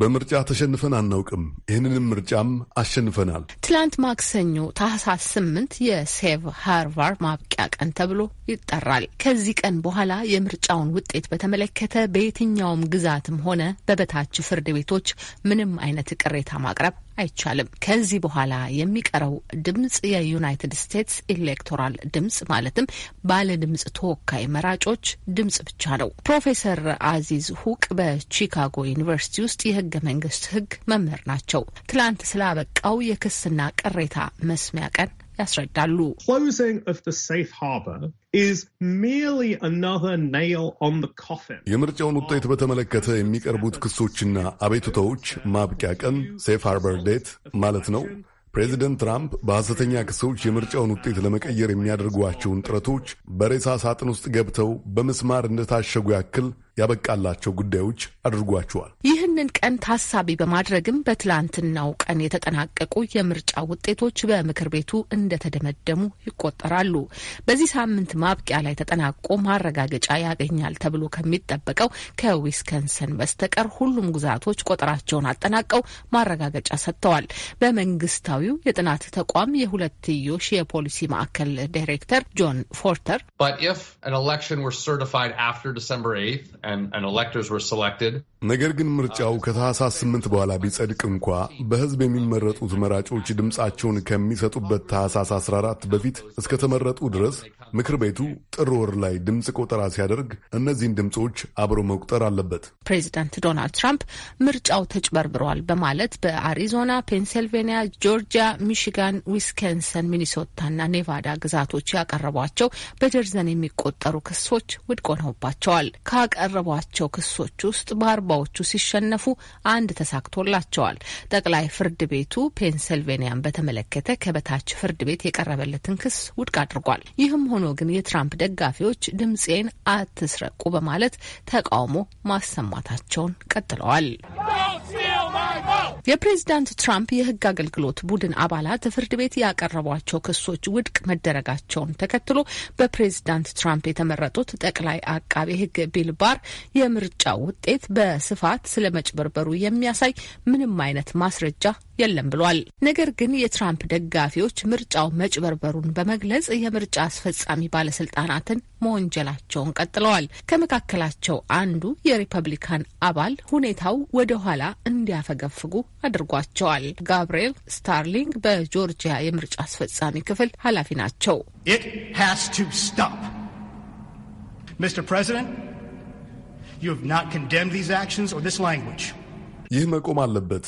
በምርጫ ተሸንፈን አናውቅም። ይህንንም ምርጫም አሸንፈናል። ትላንት ማክሰኞ ታህሳስ ስምንት የሴቭ ሃርቫር ማብቂያ ቀን ተብሎ ይጠራል። ከዚህ ቀን በኋላ የምርጫውን ውጤት በተመለከተ በየትኛውም ግዛትም ሆነ በበታች ፍርድ ቤቶች ምንም አይነት ቅሬታ ማቅረብ አይቻልም። ከዚህ በኋላ የሚቀረው ድምጽ የዩናይትድ ስቴትስ ኢሌክቶራል ድምጽ ማለትም ባለ ድምጽ ተወካይ መራጮች ድምጽ ብቻ ነው። ፕሮፌሰር አዚዝ ሁቅ በቺካጎ ዩኒቨርሲቲ ውስጥ የህገ መንግስት ህግ መምህር ናቸው። ትላንት ስላበቃው የክስና ቅሬታ መስሚያ ቀን ያስረዳሉ። የምርጫውን ውጤት በተመለከተ የሚቀርቡት ክሶችና አቤቱታዎች ማብቂያ ቀን ሴፍ ሃርበር ዴት ማለት ነው። ፕሬዚደንት ትራምፕ በሐሰተኛ ክሶች የምርጫውን ውጤት ለመቀየር የሚያደርጓቸውን ጥረቶች በሬሳ ሳጥን ውስጥ ገብተው በምስማር እንደታሸጉ ያክል ያበቃላቸው ጉዳዮች አድርጓቸዋል። ይህንን ቀን ታሳቢ በማድረግም በትላንትናው ቀን የተጠናቀቁ የምርጫ ውጤቶች በምክር ቤቱ እንደተደመደሙ ይቆጠራሉ። በዚህ ሳምንት ማብቂያ ላይ ተጠናቆ ማረጋገጫ ያገኛል ተብሎ ከሚጠበቀው ከዊስከንሰን በስተቀር ሁሉም ግዛቶች ቆጠራቸውን አጠናቀው ማረጋገጫ ሰጥተዋል። በመንግስታዊው የጥናት ተቋም የሁለትዮሽ የፖሊሲ ማዕከል ዳይሬክተር ጆን ፎርተር ነገር ግን ምርጫው ከታህሳስ ስምንት በኋላ ቢጸድቅ እንኳ በህዝብ የሚመረጡት መራጮች ድምፃቸውን ከሚሰጡበት ታህሳስ 14 በፊት እስከተመረጡ ድረስ ምክር ቤቱ ጥር ወር ላይ ድምፅ ቆጠራ ሲያደርግ እነዚህን ድምፆች አብሮ መቁጠር አለበት። ፕሬዚዳንት ዶናልድ ትራምፕ ምርጫው ተጭበርብሯል በማለት በአሪዞና፣ ፔንሲልቬኒያ፣ ጆርጂያ፣ ሚሽጋን፣ ዊስከንሰን፣ ሚኒሶታና ኔቫዳ ግዛቶች ያቀረቧቸው በደርዘን የሚቆጠሩ ክሶች ውድቅ ሆነውባቸዋል። ከቀረቧቸው ክሶች ውስጥ በአርባዎቹ ሲሸነፉ አንድ ተሳክቶላቸዋል። ጠቅላይ ፍርድ ቤቱ ፔንሰልቬኒያን በተመለከተ ከበታች ፍርድ ቤት የቀረበለትን ክስ ውድቅ አድርጓል። ይህም ሆኖ ግን የትራምፕ ደጋፊዎች ድምጼን አትስረቁ በማለት ተቃውሞ ማሰማታቸውን ቀጥለዋል። የፕሬዝዳንት ትራምፕ የህግ አገልግሎት ቡድን አባላት ፍርድ ቤት ያቀረቧቸው ክሶች ውድቅ መደረጋቸውን ተከትሎ በፕሬዝዳንት ትራምፕ የተመረጡት ጠቅላይ አቃቤ ህግ ቢል ባር የምርጫ ውጤት በስፋት ስለመጭበርበሩ የሚያሳይ ምንም አይነት ማስረጃ የለም ብሏል። ነገር ግን የትራምፕ ደጋፊዎች ምርጫው መጭበርበሩን በመግለጽ የምርጫ አስፈጻሚ ባለስልጣናትን መወንጀላቸውን ቀጥለዋል። ከመካከላቸው አንዱ የሪፐብሊካን አባል ሁኔታው ወደ ኋላ እንዲያፈገፍጉ አድርጓቸዋል። ጋብርኤል ስታርሊንግ በጆርጂያ የምርጫ አስፈጻሚ ክፍል ኃላፊ ናቸው። ይህ መቆም አለበት።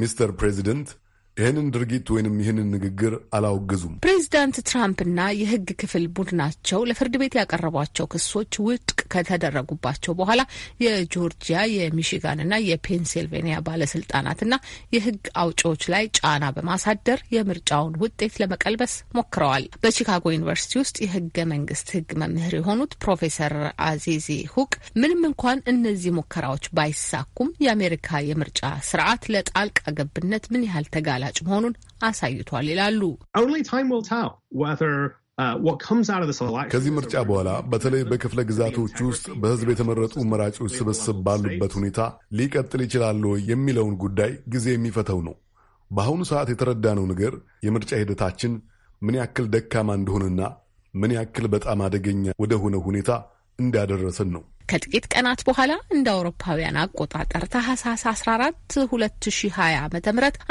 Mr. President, ይህንን ድርጊት ወይንም ይህንን ንግግር አላወገዙም። ፕሬዚዳንት ትራምፕና የህግ ክፍል ቡድናቸው ለፍርድ ቤት ያቀረቧቸው ክሶች ውድቅ ከተደረጉባቸው በኋላ የጆርጂያ የሚሽጋንና የፔንሲልቬኒያ ባለስልጣናትና የህግ አውጪዎች ላይ ጫና በማሳደር የምርጫውን ውጤት ለመቀልበስ ሞክረዋል። በቺካጎ ዩኒቨርሲቲ ውስጥ የህገ መንግስት ህግ መምህር የሆኑት ፕሮፌሰር አዚዚ ሁቅ ምንም እንኳን እነዚህ ሙከራዎች ባይሳኩም የአሜሪካ የምርጫ ስርዓት ለጣልቃ ገብነት ምን ያህል ተጋል ተጋላጭ መሆኑን አሳይቷል ይላሉ። uh, ከዚህ ምርጫ በኋላ በተለይ በክፍለ ግዛቶች ውስጥ በሕዝብ የተመረጡ መራጮች ስብስብ ባሉበት ሁኔታ ሊቀጥል ይችላሉ የሚለውን ጉዳይ ጊዜ የሚፈተው ነው። በአሁኑ ሰዓት የተረዳነው ነገር የምርጫ ሂደታችን ምን ያክል ደካማ እንደሆነና ምን ያክል በጣም አደገኛ ወደሆነ ሁኔታ እንዳደረሰን ነው። ከጥቂት ቀናት በኋላ እንደ አውሮፓውያን አቆጣጠር ታህሳስ 14 2020 ዓ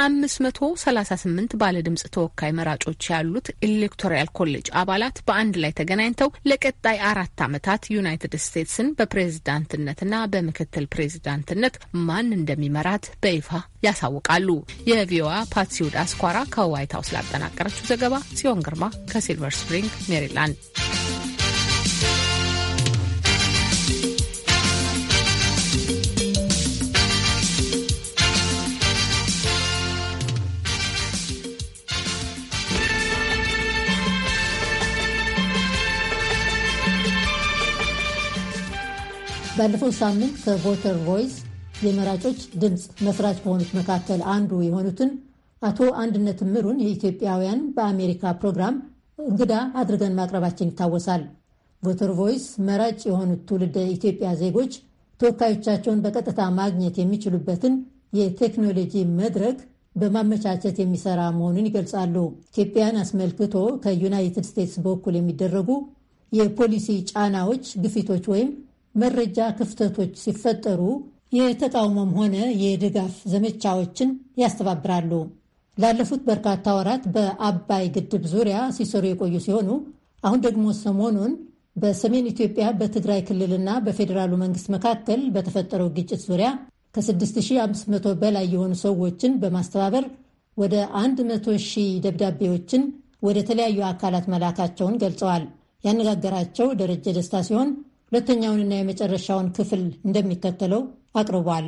ም 538 ባለድምፅ ተወካይ መራጮች ያሉት ኤሌክቶራል ኮሌጅ አባላት በአንድ ላይ ተገናኝተው ለቀጣይ አራት ዓመታት ዩናይትድ ስቴትስን በፕሬዝዳንትነትና በምክትል ፕሬዝዳንትነት ማን እንደሚመራት በይፋ ያሳውቃሉ። የቪዋ ፓትሲውድ አስኳራ ከዋይት ሀውስ ላጠናቀረችው ዘገባ ሲዮን ግርማ ከሲልቨር ስፕሪንግ ሜሪላንድ ባለፈው ሳምንት ከቮተር ቮይስ የመራጮች ድምፅ መስራች ከሆኑት መካከል አንዱ የሆኑትን አቶ አንድነት ምሩን የኢትዮጵያውያን በአሜሪካ ፕሮግራም እንግዳ አድርገን ማቅረባችን ይታወሳል። ቮተር ቮይስ መራጭ የሆኑት ትውልደ ኢትዮጵያ ዜጎች ተወካዮቻቸውን በቀጥታ ማግኘት የሚችሉበትን የቴክኖሎጂ መድረክ በማመቻቸት የሚሰራ መሆኑን ይገልጻሉ። ኢትዮጵያን አስመልክቶ ከዩናይትድ ስቴትስ በኩል የሚደረጉ የፖሊሲ ጫናዎች፣ ግፊቶች ወይም መረጃ ክፍተቶች ሲፈጠሩ የተቃውሞም ሆነ የድጋፍ ዘመቻዎችን ያስተባብራሉ። ላለፉት በርካታ ወራት በአባይ ግድብ ዙሪያ ሲሰሩ የቆዩ ሲሆኑ አሁን ደግሞ ሰሞኑን በሰሜን ኢትዮጵያ በትግራይ ክልልና በፌዴራሉ መንግስት መካከል በተፈጠረው ግጭት ዙሪያ ከ6500 በላይ የሆኑ ሰዎችን በማስተባበር ወደ 100,000 ደብዳቤዎችን ወደ ተለያዩ አካላት መላካቸውን ገልጸዋል። ያነጋገራቸው ደረጀ ደስታ ሲሆን ሁለተኛውንና የመጨረሻውን ክፍል እንደሚከተለው አቅርቧል።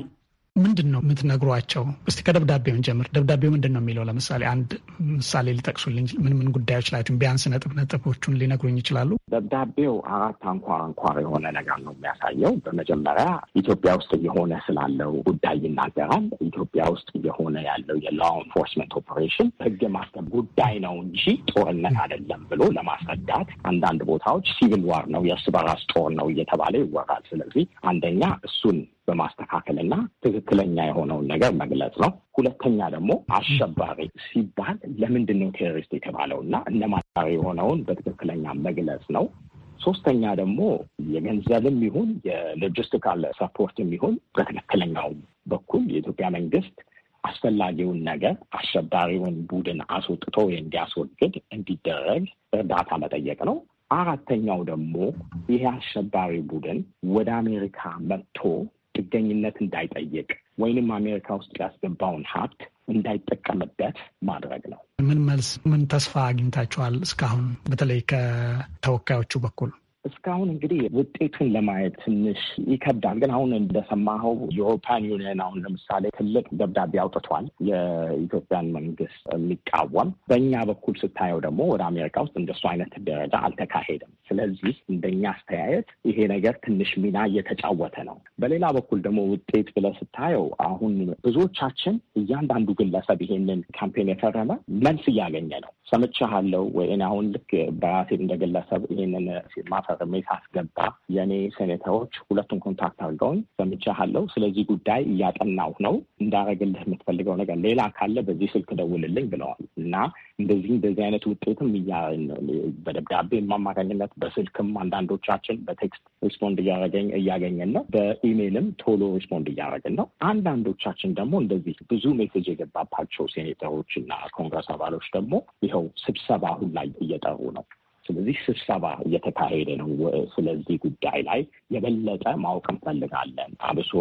ምንድን ነው የምትነግሯቸው? እስቲ ከደብዳቤውን ጀምር። ደብዳቤው ምንድን ነው የሚለው? ለምሳሌ አንድ ምሳሌ ሊጠቅሱልኝ ምን ምን ጉዳዮች ላይ ቢያንስ ነጥብ ነጥቦቹን ሊነግሩኝ ይችላሉ? ደብዳቤው አራት አንኳር አንኳር የሆነ ነገር ነው የሚያሳየው። በመጀመሪያ ኢትዮጵያ ውስጥ እየሆነ ስላለው ጉዳይ ይናገራል። ኢትዮጵያ ውስጥ እየሆነ ያለው የሎ ኢንፎርስመንት ኦፐሬሽን ህግ ማስከበር ጉዳይ ነው እንጂ ጦርነት አይደለም ብሎ ለማስረዳት አንዳንድ ቦታዎች ሲቪል ዋር ነው፣ የእርስ በራስ ጦር ነው እየተባለ ይወራል። ስለዚህ አንደኛ እሱን በማስተካከል እና ትክክለኛ የሆነውን ነገር መግለጽ ነው። ሁለተኛ ደግሞ አሸባሪ ሲባል ለምንድን ነው ቴሮሪስት የተባለው እና እነማን የሆነውን በትክክለኛ መግለጽ ነው። ሶስተኛ ደግሞ የገንዘብም ይሁን የሎጂስቲካል ሰፖርትም ይሁን በትክክለኛው በኩል የኢትዮጵያ መንግስት አስፈላጊውን ነገር አሸባሪውን ቡድን አስወጥቶ እንዲያስወግድ እንዲደረግ እርዳታ መጠየቅ ነው። አራተኛው ደግሞ ይሄ አሸባሪ ቡድን ወደ አሜሪካ መጥቶ ጥገኝነት እንዳይጠይቅ ወይንም አሜሪካ ውስጥ ያስገባውን ሀብት እንዳይጠቀምበት ማድረግ ነው። ምን መልስ ምን ተስፋ አግኝታችኋል እስካሁን በተለይ ከተወካዮቹ በኩል? እስካሁን እንግዲህ ውጤቱን ለማየት ትንሽ ይከብዳል። ግን አሁን እንደሰማኸው የአውሮፓን ዩኒየን አሁን ለምሳሌ ትልቅ ደብዳቤ አውጥቷል የኢትዮጵያን መንግስት የሚቃወም። በእኛ በኩል ስታየው ደግሞ ወደ አሜሪካ ውስጥ እንደሱ አይነት ደረጃ አልተካሄደም። ስለዚህ እንደኛ አስተያየት ይሄ ነገር ትንሽ ሚና እየተጫወተ ነው። በሌላ በኩል ደግሞ ውጤት ብለህ ስታየው አሁን ብዙዎቻችን እያንዳንዱ ግለሰብ ይሄንን ካምፔን የፈረመ መልስ እያገኘ ነው። ሰምቻለሁ ወይ? እኔ አሁን ልክ በራሴ ግለሰብ ይሄንን ማፈ ፈርሜ ሳስገባ የእኔ ሴኔተሮች ሁለቱን ኮንታክት አድርገውኝ ሰምቻለሁ፣ ስለዚህ ጉዳይ እያጠናሁ ነው፣ እንዳረግልህ የምትፈልገው ነገር ሌላ ካለ በዚህ ስልክ ደውልልኝ ብለዋል እና እንደዚህ እንደዚህ አይነት ውጤትም በደብዳቤ አማካኝነት በስልክም አንዳንዶቻችን በቴክስት ሪስፖንድ እያረገኝ እያገኘን ነው። በኢሜይልም ቶሎ ሪስፖንድ እያረግን ነው። አንዳንዶቻችን ደግሞ እንደዚህ ብዙ ሜሴጅ የገባባቸው ሴኔተሮች እና ኮንግረስ አባሎች ደግሞ ይኸው ስብሰባ አሁን ላይ እየጠሩ ነው። ስለዚህ ስብሰባ እየተካሄደ ነው። ስለዚህ ጉዳይ ላይ የበለጠ ማወቅ እንፈልጋለን። አብሶ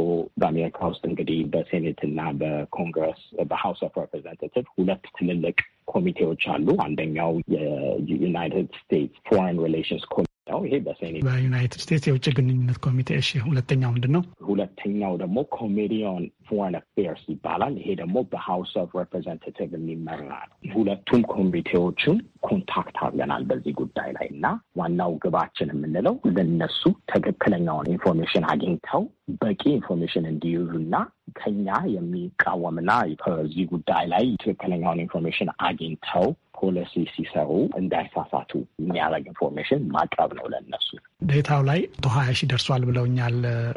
በአሜሪካ ውስጥ እንግዲህ በሴኔት እና በኮንግረስ በሀውስ ኦፍ ሬፕሬዘንታቲቭ ሁለት ትልልቅ ኮሚቴዎች አሉ። አንደኛው የዩናይትድ ስቴትስ ፎሬን ሪሌሽንስ የመጣው ይሄ በሴኔ በዩናይትድ ስቴትስ የውጭ ግንኙነት ኮሚቴ። እሺ ሁለተኛው ምንድን ነው? ሁለተኛው ደግሞ ኮሚቴን ፎሬን አፌርስ ይባላል። ይሄ ደግሞ በሀውስ ኦፍ ሬፕሬዘንታቲቭ የሚመራ ነው። ሁለቱም ኮሚቴዎቹን ኮንታክት አድርገናል በዚህ ጉዳይ ላይ እና ዋናው ግባችን የምንለው ለነሱ ትክክለኛውን ኢንፎርሜሽን አግኝተው በቂ ኢንፎርሜሽን እና ከኛ የሚቃወምና በዚህ ጉዳይ ላይ ትክክለኛውን ኢንፎርሜሽን አግኝተው ፖሊሲ ሲሰሩ እንዳይሳሳቱ የሚያደርግ ኢንፎርሜሽን ማቅረብ ነው ለእነሱ። ዴታው ላይ መቶ ሀያ ሺህ ደርሷል ብለውኛል።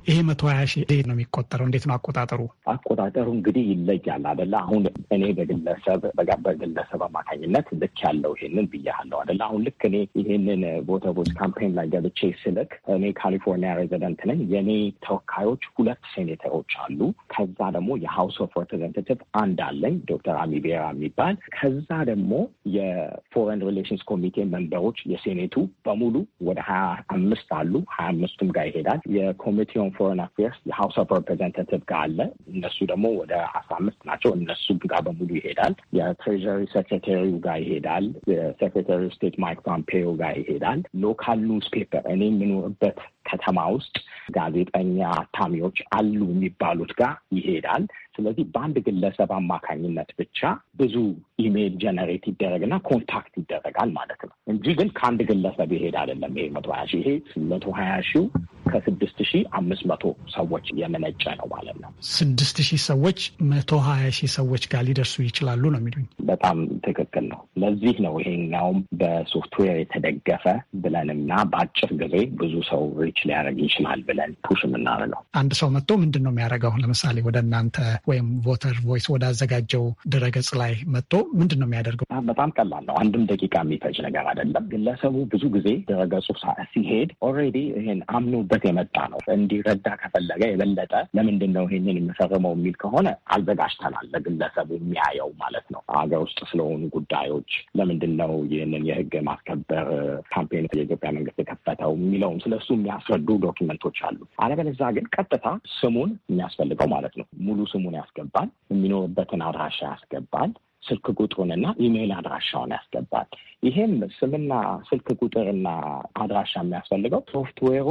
ይሄ መቶ ሀያ ሺህ እንዴት ነው የሚቆጠረው? እንዴት ነው አቆጣጠሩ? አቆጣጠሩ እንግዲህ ይለያል አደለ። አሁን እኔ በግለሰብ በግለሰብ አማካኝነት ልክ ያለው ይሄንን ብያለው አደለ። አሁን ልክ እኔ ይሄንን ቮት ካምፔን ላይ ገብቼ ስልክ እኔ ካሊፎርኒያ ሬዚደንት ነኝ። የእኔ ተወካዮች ሁለት ሴኔተሮች አሉ። ከዛ ደግሞ የሀውስ ኦፍ ሬፕሬዘንታቲቭ አንድ አለኝ ዶክተር አሚ ቤራ የሚባል ከዛ ደግሞ የፎሬን ሪሌሽንስ ኮሚቴ መንበሮች የሴኔቱ በሙሉ ወደ ሀያ አምስት አሉ። ሀያ አምስቱም ጋር ይሄዳል። የኮሚቴ ኦን ፎረን አፌርስ የሀውስ ኦፍ ሪፕሬዘንታቲቭ ጋር አለ። እነሱ ደግሞ ወደ አስራ አምስት ናቸው። እነሱ ጋር በሙሉ ይሄዳል። የትሬዥሪ ሴክሬታሪው ጋር ይሄዳል። የሴክሬታሪ ስቴት ማይክ ፖምፔዮ ጋር ይሄዳል። ሎካል ኒውስ ፔፐር እኔ የምኖርበት ከተማ ውስጥ ጋዜጠኛ ታሚዎች አሉ የሚባሉት ጋር ይሄዳል። ስለዚህ በአንድ ግለሰብ አማካኝነት ብቻ ብዙ ኢሜይል ጀነሬት ይደረግና ኮንታክት ይደረጋል ማለት ነው እንጂ ግን ከአንድ ግለሰብ ይሄድ አይደለም። ይሄ መቶ ሀያ ሺ ይሄ መቶ ሀያ ሺው ከስድስት ሺ አምስት መቶ ሰዎች የመነጨ ነው ማለት ነው። ስድስት ሺህ ሰዎች መቶ ሀያ ሺህ ሰዎች ጋር ሊደርሱ ይችላሉ ነው የሚሉኝ። በጣም ትክክል ነው። ለዚህ ነው ይሄኛውም በሶፍትዌር የተደገፈ ብለንና በአጭር ጊዜ ብዙ ሰው ሪች ሊያደርግ ይችላል ብለን ፑሽ የምናደርገው። አንድ ሰው መጥቶ ምንድን ነው የሚያደርገው? ለምሳሌ ወደ እናንተ ወይም ቮተር ቮይስ ወዳዘጋጀው ድረገጽ ላይ መጥቶ ምንድን ነው የሚያደርገው? በጣም ቀላል ነው። አንድም ደቂቃ የሚፈጅ ነገር አይደለም። ግለሰቡ ብዙ ጊዜ ድረገጹ ሲሄድ ኦልሬዲ ይሄን አምኖ እየተፈረመበት የመጣ ነው። እንዲረዳ ከፈለገ የበለጠ ለምንድን ነው ይሄንን የምፈርመው የሚል ከሆነ አዘጋጅተናል። ለግለሰቡ የሚያየው ማለት ነው። ሀገር ውስጥ ስለሆኑ ጉዳዮች ለምንድን ነው ይህንን የህግ ማስከበር ካምፔን የኢትዮጵያ መንግስት የከፈተው የሚለውን ስለሱ የሚያስረዱ ዶኪመንቶች አሉ። አለበለዛ ግን ቀጥታ ስሙን የሚያስፈልገው ማለት ነው ሙሉ ስሙን ያስገባል፣ የሚኖርበትን አድራሻ ያስገባል፣ ስልክ ቁጥሩንና ኢሜይል አድራሻውን ያስገባል። ይሄም ስምና ስልክ ቁጥርና አድራሻ የሚያስፈልገው ሶፍትዌሩ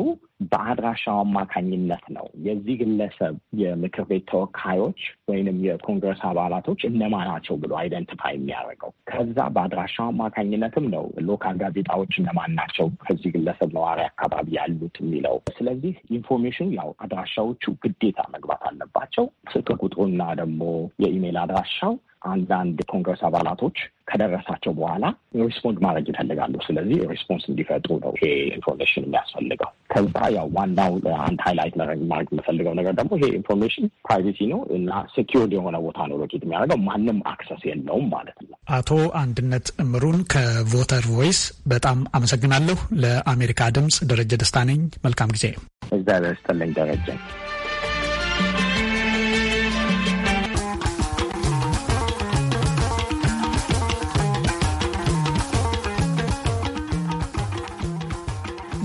በአድራሻው አማካኝነት ነው። የዚህ ግለሰብ የምክር ቤት ተወካዮች ወይንም የኮንግረስ አባላቶች እነማ ናቸው ብሎ አይደንቲፋይ የሚያደርገው ከዛ በአድራሻው አማካኝነትም ነው ሎካል ጋዜጣዎች እነማን ናቸው ከዚህ ግለሰብ ነዋሪ አካባቢ ያሉት የሚለው። ስለዚህ ኢንፎርሜሽን ያው አድራሻዎቹ ግዴታ መግባት አለባቸው። ስልክ ቁጥሩና ደግሞ የኢሜይል አድራሻው አንዳንድ ኮንግረስ አባላቶች ከደረሳቸው በኋላ ሪስፖንድ ማድረግ ይፈልጋሉ። ስለዚህ ሪስፖንስ እንዲፈጥሩ ነው ይሄ ኢንፎርሜሽን የሚያስፈልገው። ከዛ ያው ዋናው አንድ ሃይላይት ማድረግ የምፈልገው ነገር ደግሞ ይሄ ኢንፎርሜሽን ፕራይቬሲ ነው እና ሴኪርድ የሆነ ቦታ ነው ሎኬት የሚያደርገው ማንም አክሰስ የለውም ማለት ነው። አቶ አንድነት እምሩን ከቮተር ቮይስ በጣም አመሰግናለሁ። ለአሜሪካ ድምፅ ደረጀ ደስታ ነኝ። መልካም ጊዜ። እግዚአብሔር ይስጥልኝ ደረጀ።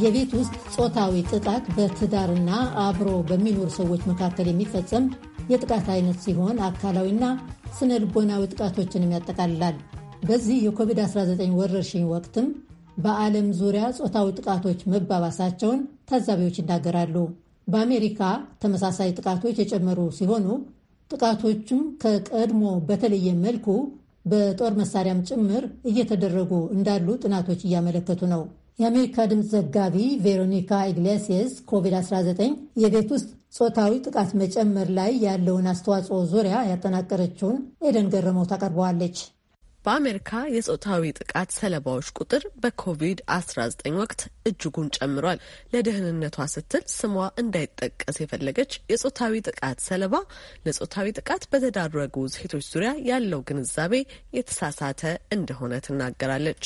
የቤት ውስጥ ጾታዊ ጥቃት በትዳርና አብሮ በሚኖሩ ሰዎች መካከል የሚፈጸም የጥቃት አይነት ሲሆን አካላዊና ስነ ልቦናዊ ጥቃቶችንም ያጠቃልላል። በዚህ የኮቪድ-19 ወረርሽኝ ወቅትም በዓለም ዙሪያ ጾታዊ ጥቃቶች መባባሳቸውን ታዛቢዎች ይናገራሉ። በአሜሪካ ተመሳሳይ ጥቃቶች የጨመሩ ሲሆኑ ጥቃቶቹም ከቀድሞ በተለየ መልኩ በጦር መሳሪያም ጭምር እየተደረጉ እንዳሉ ጥናቶች እያመለከቱ ነው። የአሜሪካ ድምፅ ዘጋቢ ቬሮኒካ ኢግሌሲየስ ኮቪድ-19 የቤት ውስጥ ጾታዊ ጥቃት መጨመር ላይ ያለውን አስተዋጽኦ ዙሪያ ያጠናቀረችውን ኤደን ገረመው ታቀርበዋለች። በአሜሪካ የጾታዊ ጥቃት ሰለባዎች ቁጥር በኮቪድ-19 ወቅት እጅጉን ጨምሯል። ለደህንነቷ ስትል ስሟ እንዳይጠቀስ የፈለገች የጾታዊ ጥቃት ሰለባ ለጾታዊ ጥቃት በተዳረጉ ሴቶች ዙሪያ ያለው ግንዛቤ የተሳሳተ እንደሆነ ትናገራለች።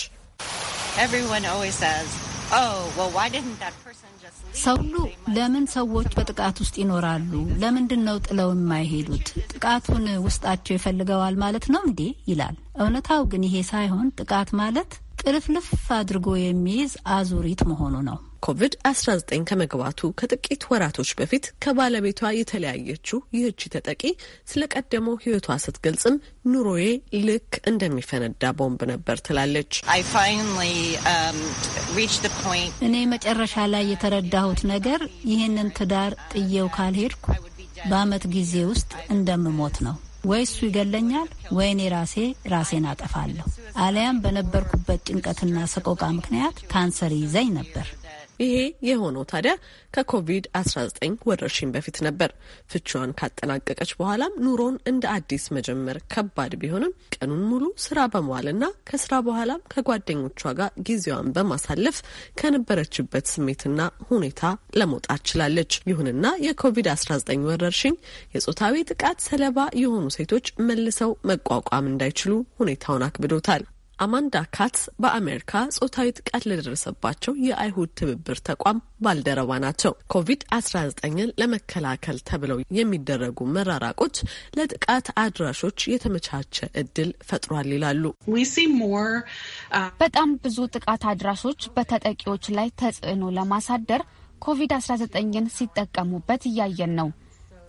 Oh, ሰው ሁሉ ለምን ሰዎች በጥቃት ውስጥ ይኖራሉ? ለምንድን ነው ጥለው የማይሄዱት? ጥቃቱን ውስጣቸው ይፈልገዋል ማለት ነው እንዴ? ይላል። እውነታው ግን ይሄ ሳይሆን ጥቃት ማለት ጥልፍልፍ አድርጎ የሚይዝ አዙሪት መሆኑ ነው። ኮቪድ-19 ከመግባቱ ከጥቂት ወራቶች በፊት ከባለቤቷ የተለያየችው ይህቺ ተጠቂ ስለ ቀደመው ህይወቷ ስትገልጽም ኑሮዬ ልክ እንደሚፈነዳ ቦምብ ነበር ትላለች። um, እኔ መጨረሻ ላይ የተረዳሁት ነገር ይህንን ትዳር ጥየው ካልሄድኩ በአመት ጊዜ ውስጥ እንደምሞት ነው። ወይ እሱ ይገለኛል፣ ወይ እኔ ራሴ ራሴን አጠፋለሁ። አሊያም በነበርኩበት ጭንቀትና ሰቆቃ ምክንያት ካንሰር ይዘኝ ነበር። ይሄ የሆነው ታዲያ ከኮቪድ-19 ወረርሽኝ በፊት ነበር። ፍቿን ካጠናቀቀች በኋላም ኑሮን እንደ አዲስ መጀመር ከባድ ቢሆንም ቀኑን ሙሉ ስራ በመዋልና ከስራ በኋላም ከጓደኞቿ ጋር ጊዜዋን በማሳለፍ ከነበረችበት ስሜትና ሁኔታ ለመውጣት ችላለች። ይሁንና የኮቪድ-19 ወረርሽኝ የጾታዊ ጥቃት ሰለባ የሆኑ ሴቶች መልሰው መቋቋም እንዳይችሉ ሁኔታውን አክብዶታል። አማንዳ ካትስ በአሜሪካ ጾታዊ ጥቃት ለደረሰባቸው የአይሁድ ትብብር ተቋም ባልደረባ ናቸው። ኮቪድ-19ን ለመከላከል ተብለው የሚደረጉ መራራቆች ለጥቃት አድራሾች የተመቻቸ እድል ፈጥሯል ይላሉ። uh, በጣም ብዙ ጥቃት አድራሾች በተጠቂዎች ላይ ተጽዕኖ ለማሳደር ኮቪድ-19ን ሲጠቀሙበት እያየን ነው።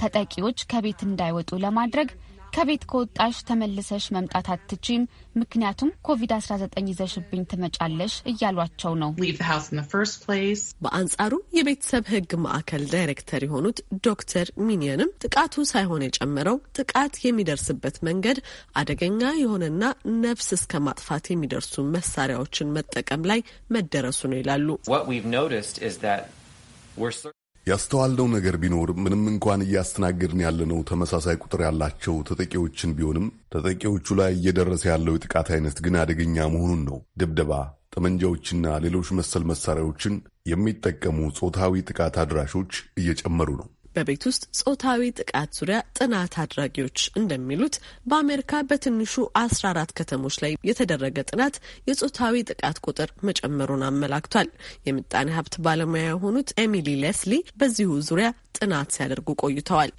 ተጠቂዎች ከቤት እንዳይወጡ ለማድረግ ከቤት ከወጣሽ ተመልሰሽ መምጣት አትችም፣ ምክንያቱም ኮቪድ-19 ይዘሽብኝ ትመጫለሽ እያሏቸው ነው። በአንጻሩ የቤተሰብ ሕግ ማዕከል ዳይሬክተር የሆኑት ዶክተር ሚኒየንም ጥቃቱ ሳይሆን የጨመረው ጥቃት የሚደርስበት መንገድ አደገኛ የሆነና ነፍስ እስከ ማጥፋት የሚደርሱ መሳሪያዎችን መጠቀም ላይ መደረሱ ነው ይላሉ። ያስተዋልነው ነገር ቢኖር ምንም እንኳን እያስተናገድን ያለነው ተመሳሳይ ቁጥር ያላቸው ተጠቂዎችን ቢሆንም ተጠቂዎቹ ላይ እየደረሰ ያለው የጥቃት አይነት ግን አደገኛ መሆኑን ነው። ድብደባ፣ ጠመንጃዎችና ሌሎች መሰል መሳሪያዎችን የሚጠቀሙ ጾታዊ ጥቃት አድራሾች እየጨመሩ ነው። በቤት ውስጥ ጾታዊ ጥቃት ዙሪያ ጥናት አድራጊዎች እንደሚሉት በአሜሪካ በትንሹ አስራ አራት ከተሞች ላይ የተደረገ ጥናት የጾታዊ ጥቃት ቁጥር መጨመሩን አመላክቷል። የምጣኔ ሀብት ባለሙያ የሆኑት ኤሚሊ ሌስሊ በዚሁ ዙሪያ ጥናት ሲያደርጉ ቆይተዋል።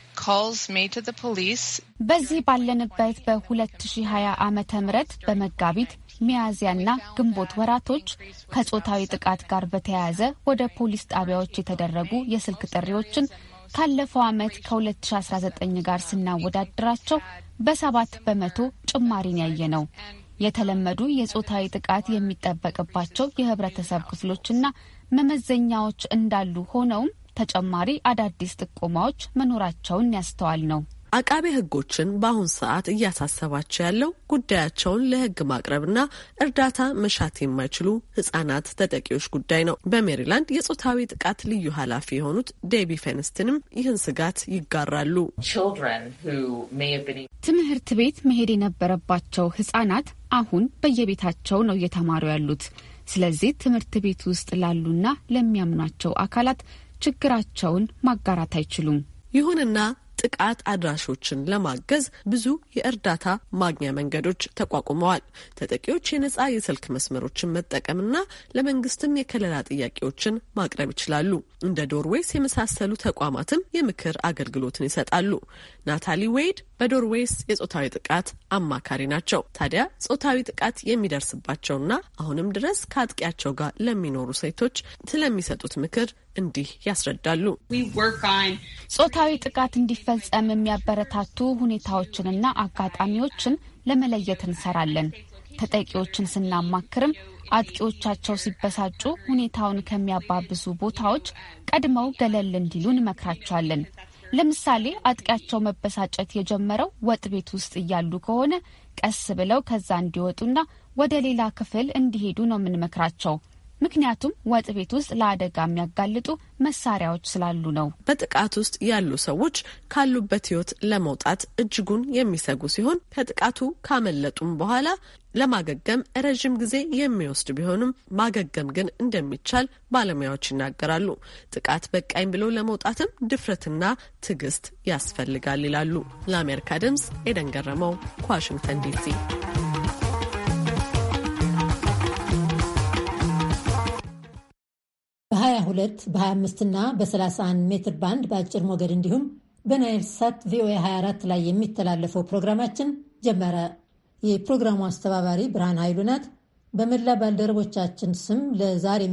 በዚህ ባለንበት በ2020 ዓመተ ምህረት በመጋቢት ሚያዝያና ግንቦት ወራቶች ከጾታዊ ጥቃት ጋር በተያያዘ ወደ ፖሊስ ጣቢያዎች የተደረጉ የስልክ ጥሪዎችን ካለፈው ዓመት ከ2019 ጋር ስናወዳድራቸው በሰባት በመቶ ጭማሪን ያየ ነው። የተለመዱ የጾታዊ ጥቃት የሚጠበቅባቸው የህብረተሰብ ክፍሎችና መመዘኛዎች እንዳሉ ሆነውም ተጨማሪ አዳዲስ ጥቆማዎች መኖራቸውን ያስተዋል ነው። አቃቤ ሕጎችን በአሁን ሰዓት እያሳሰባቸው ያለው ጉዳያቸውን ለሕግ ማቅረብና እርዳታ መሻት የማይችሉ ህጻናት ተጠቂዎች ጉዳይ ነው። በሜሪላንድ የጾታዊ ጥቃት ልዩ ኃላፊ የሆኑት ዴቢ ፌንስትንም ይህን ስጋት ይጋራሉ። ትምህርት ቤት መሄድ የነበረባቸው ህጻናት አሁን በየቤታቸው ነው እየተማሩ ያሉት። ስለዚህ ትምህርት ቤት ውስጥ ላሉና ለሚያምኗቸው አካላት ችግራቸውን ማጋራት አይችሉም። ይሁንና ጥቃት አድራሾችን ለማገዝ ብዙ የእርዳታ ማግኛ መንገዶች ተቋቁመዋል። ተጠቂዎች የነጻ የስልክ መስመሮችን መጠቀምና ለመንግስትም የከለላ ጥያቄዎችን ማቅረብ ይችላሉ። እንደ ዶርዌይስ የመሳሰሉ ተቋማትም የምክር አገልግሎትን ይሰጣሉ። ናታሊ ዌይድ በዶርዌይስ የጾታዊ ጥቃት አማካሪ ናቸው። ታዲያ ጾታዊ ጥቃት የሚደርስባቸውና አሁንም ድረስ ከአጥቂያቸው ጋር ለሚኖሩ ሴቶች ስለሚሰጡት ምክር እንዲህ ያስረዳሉ። ጾታዊ ጥቃት እንዲፈጸም የሚያበረታቱ ሁኔታዎችንና አጋጣሚዎችን ለመለየት እንሰራለን። ተጠቂዎችን ስናማክርም አጥቂዎቻቸው ሲበሳጩ ሁኔታውን ከሚያባብሱ ቦታዎች ቀድመው ገለል እንዲሉ እንመክራቸዋለን። ለምሳሌ አጥቂያቸው መበሳጨት የጀመረው ወጥ ቤት ውስጥ እያሉ ከሆነ ቀስ ብለው ከዛ እንዲወጡና ወደ ሌላ ክፍል እንዲሄዱ ነው የምንመክራቸው። ምክንያቱም ወጥ ቤት ውስጥ ለአደጋ የሚያጋልጡ መሳሪያዎች ስላሉ ነው። በጥቃት ውስጥ ያሉ ሰዎች ካሉበት ህይወት ለመውጣት እጅጉን የሚሰጉ ሲሆን ከጥቃቱ ካመለጡም በኋላ ለማገገም ረዥም ጊዜ የሚወስድ ቢሆንም ማገገም ግን እንደሚቻል ባለሙያዎች ይናገራሉ። ጥቃት በቃኝ ብሎ ለመውጣትም ድፍረትና ትዕግስት ያስፈልጋል ይላሉ። ለአሜሪካ ድምፅ ኤደን ገረመው ከዋሽንግተን ዲሲ በ22 በ25 ና በ31 ሜትር ባንድ በአጭር ሞገድ እንዲሁም በናይል ሳት ቪኦኤ 24 ላይ የሚተላለፈው ፕሮግራማችን ጀመረ። የፕሮግራሙ አስተባባሪ ብርሃን ኃይሉ ናት። በመላ ባልደረቦቻችን ስም ለዛሬ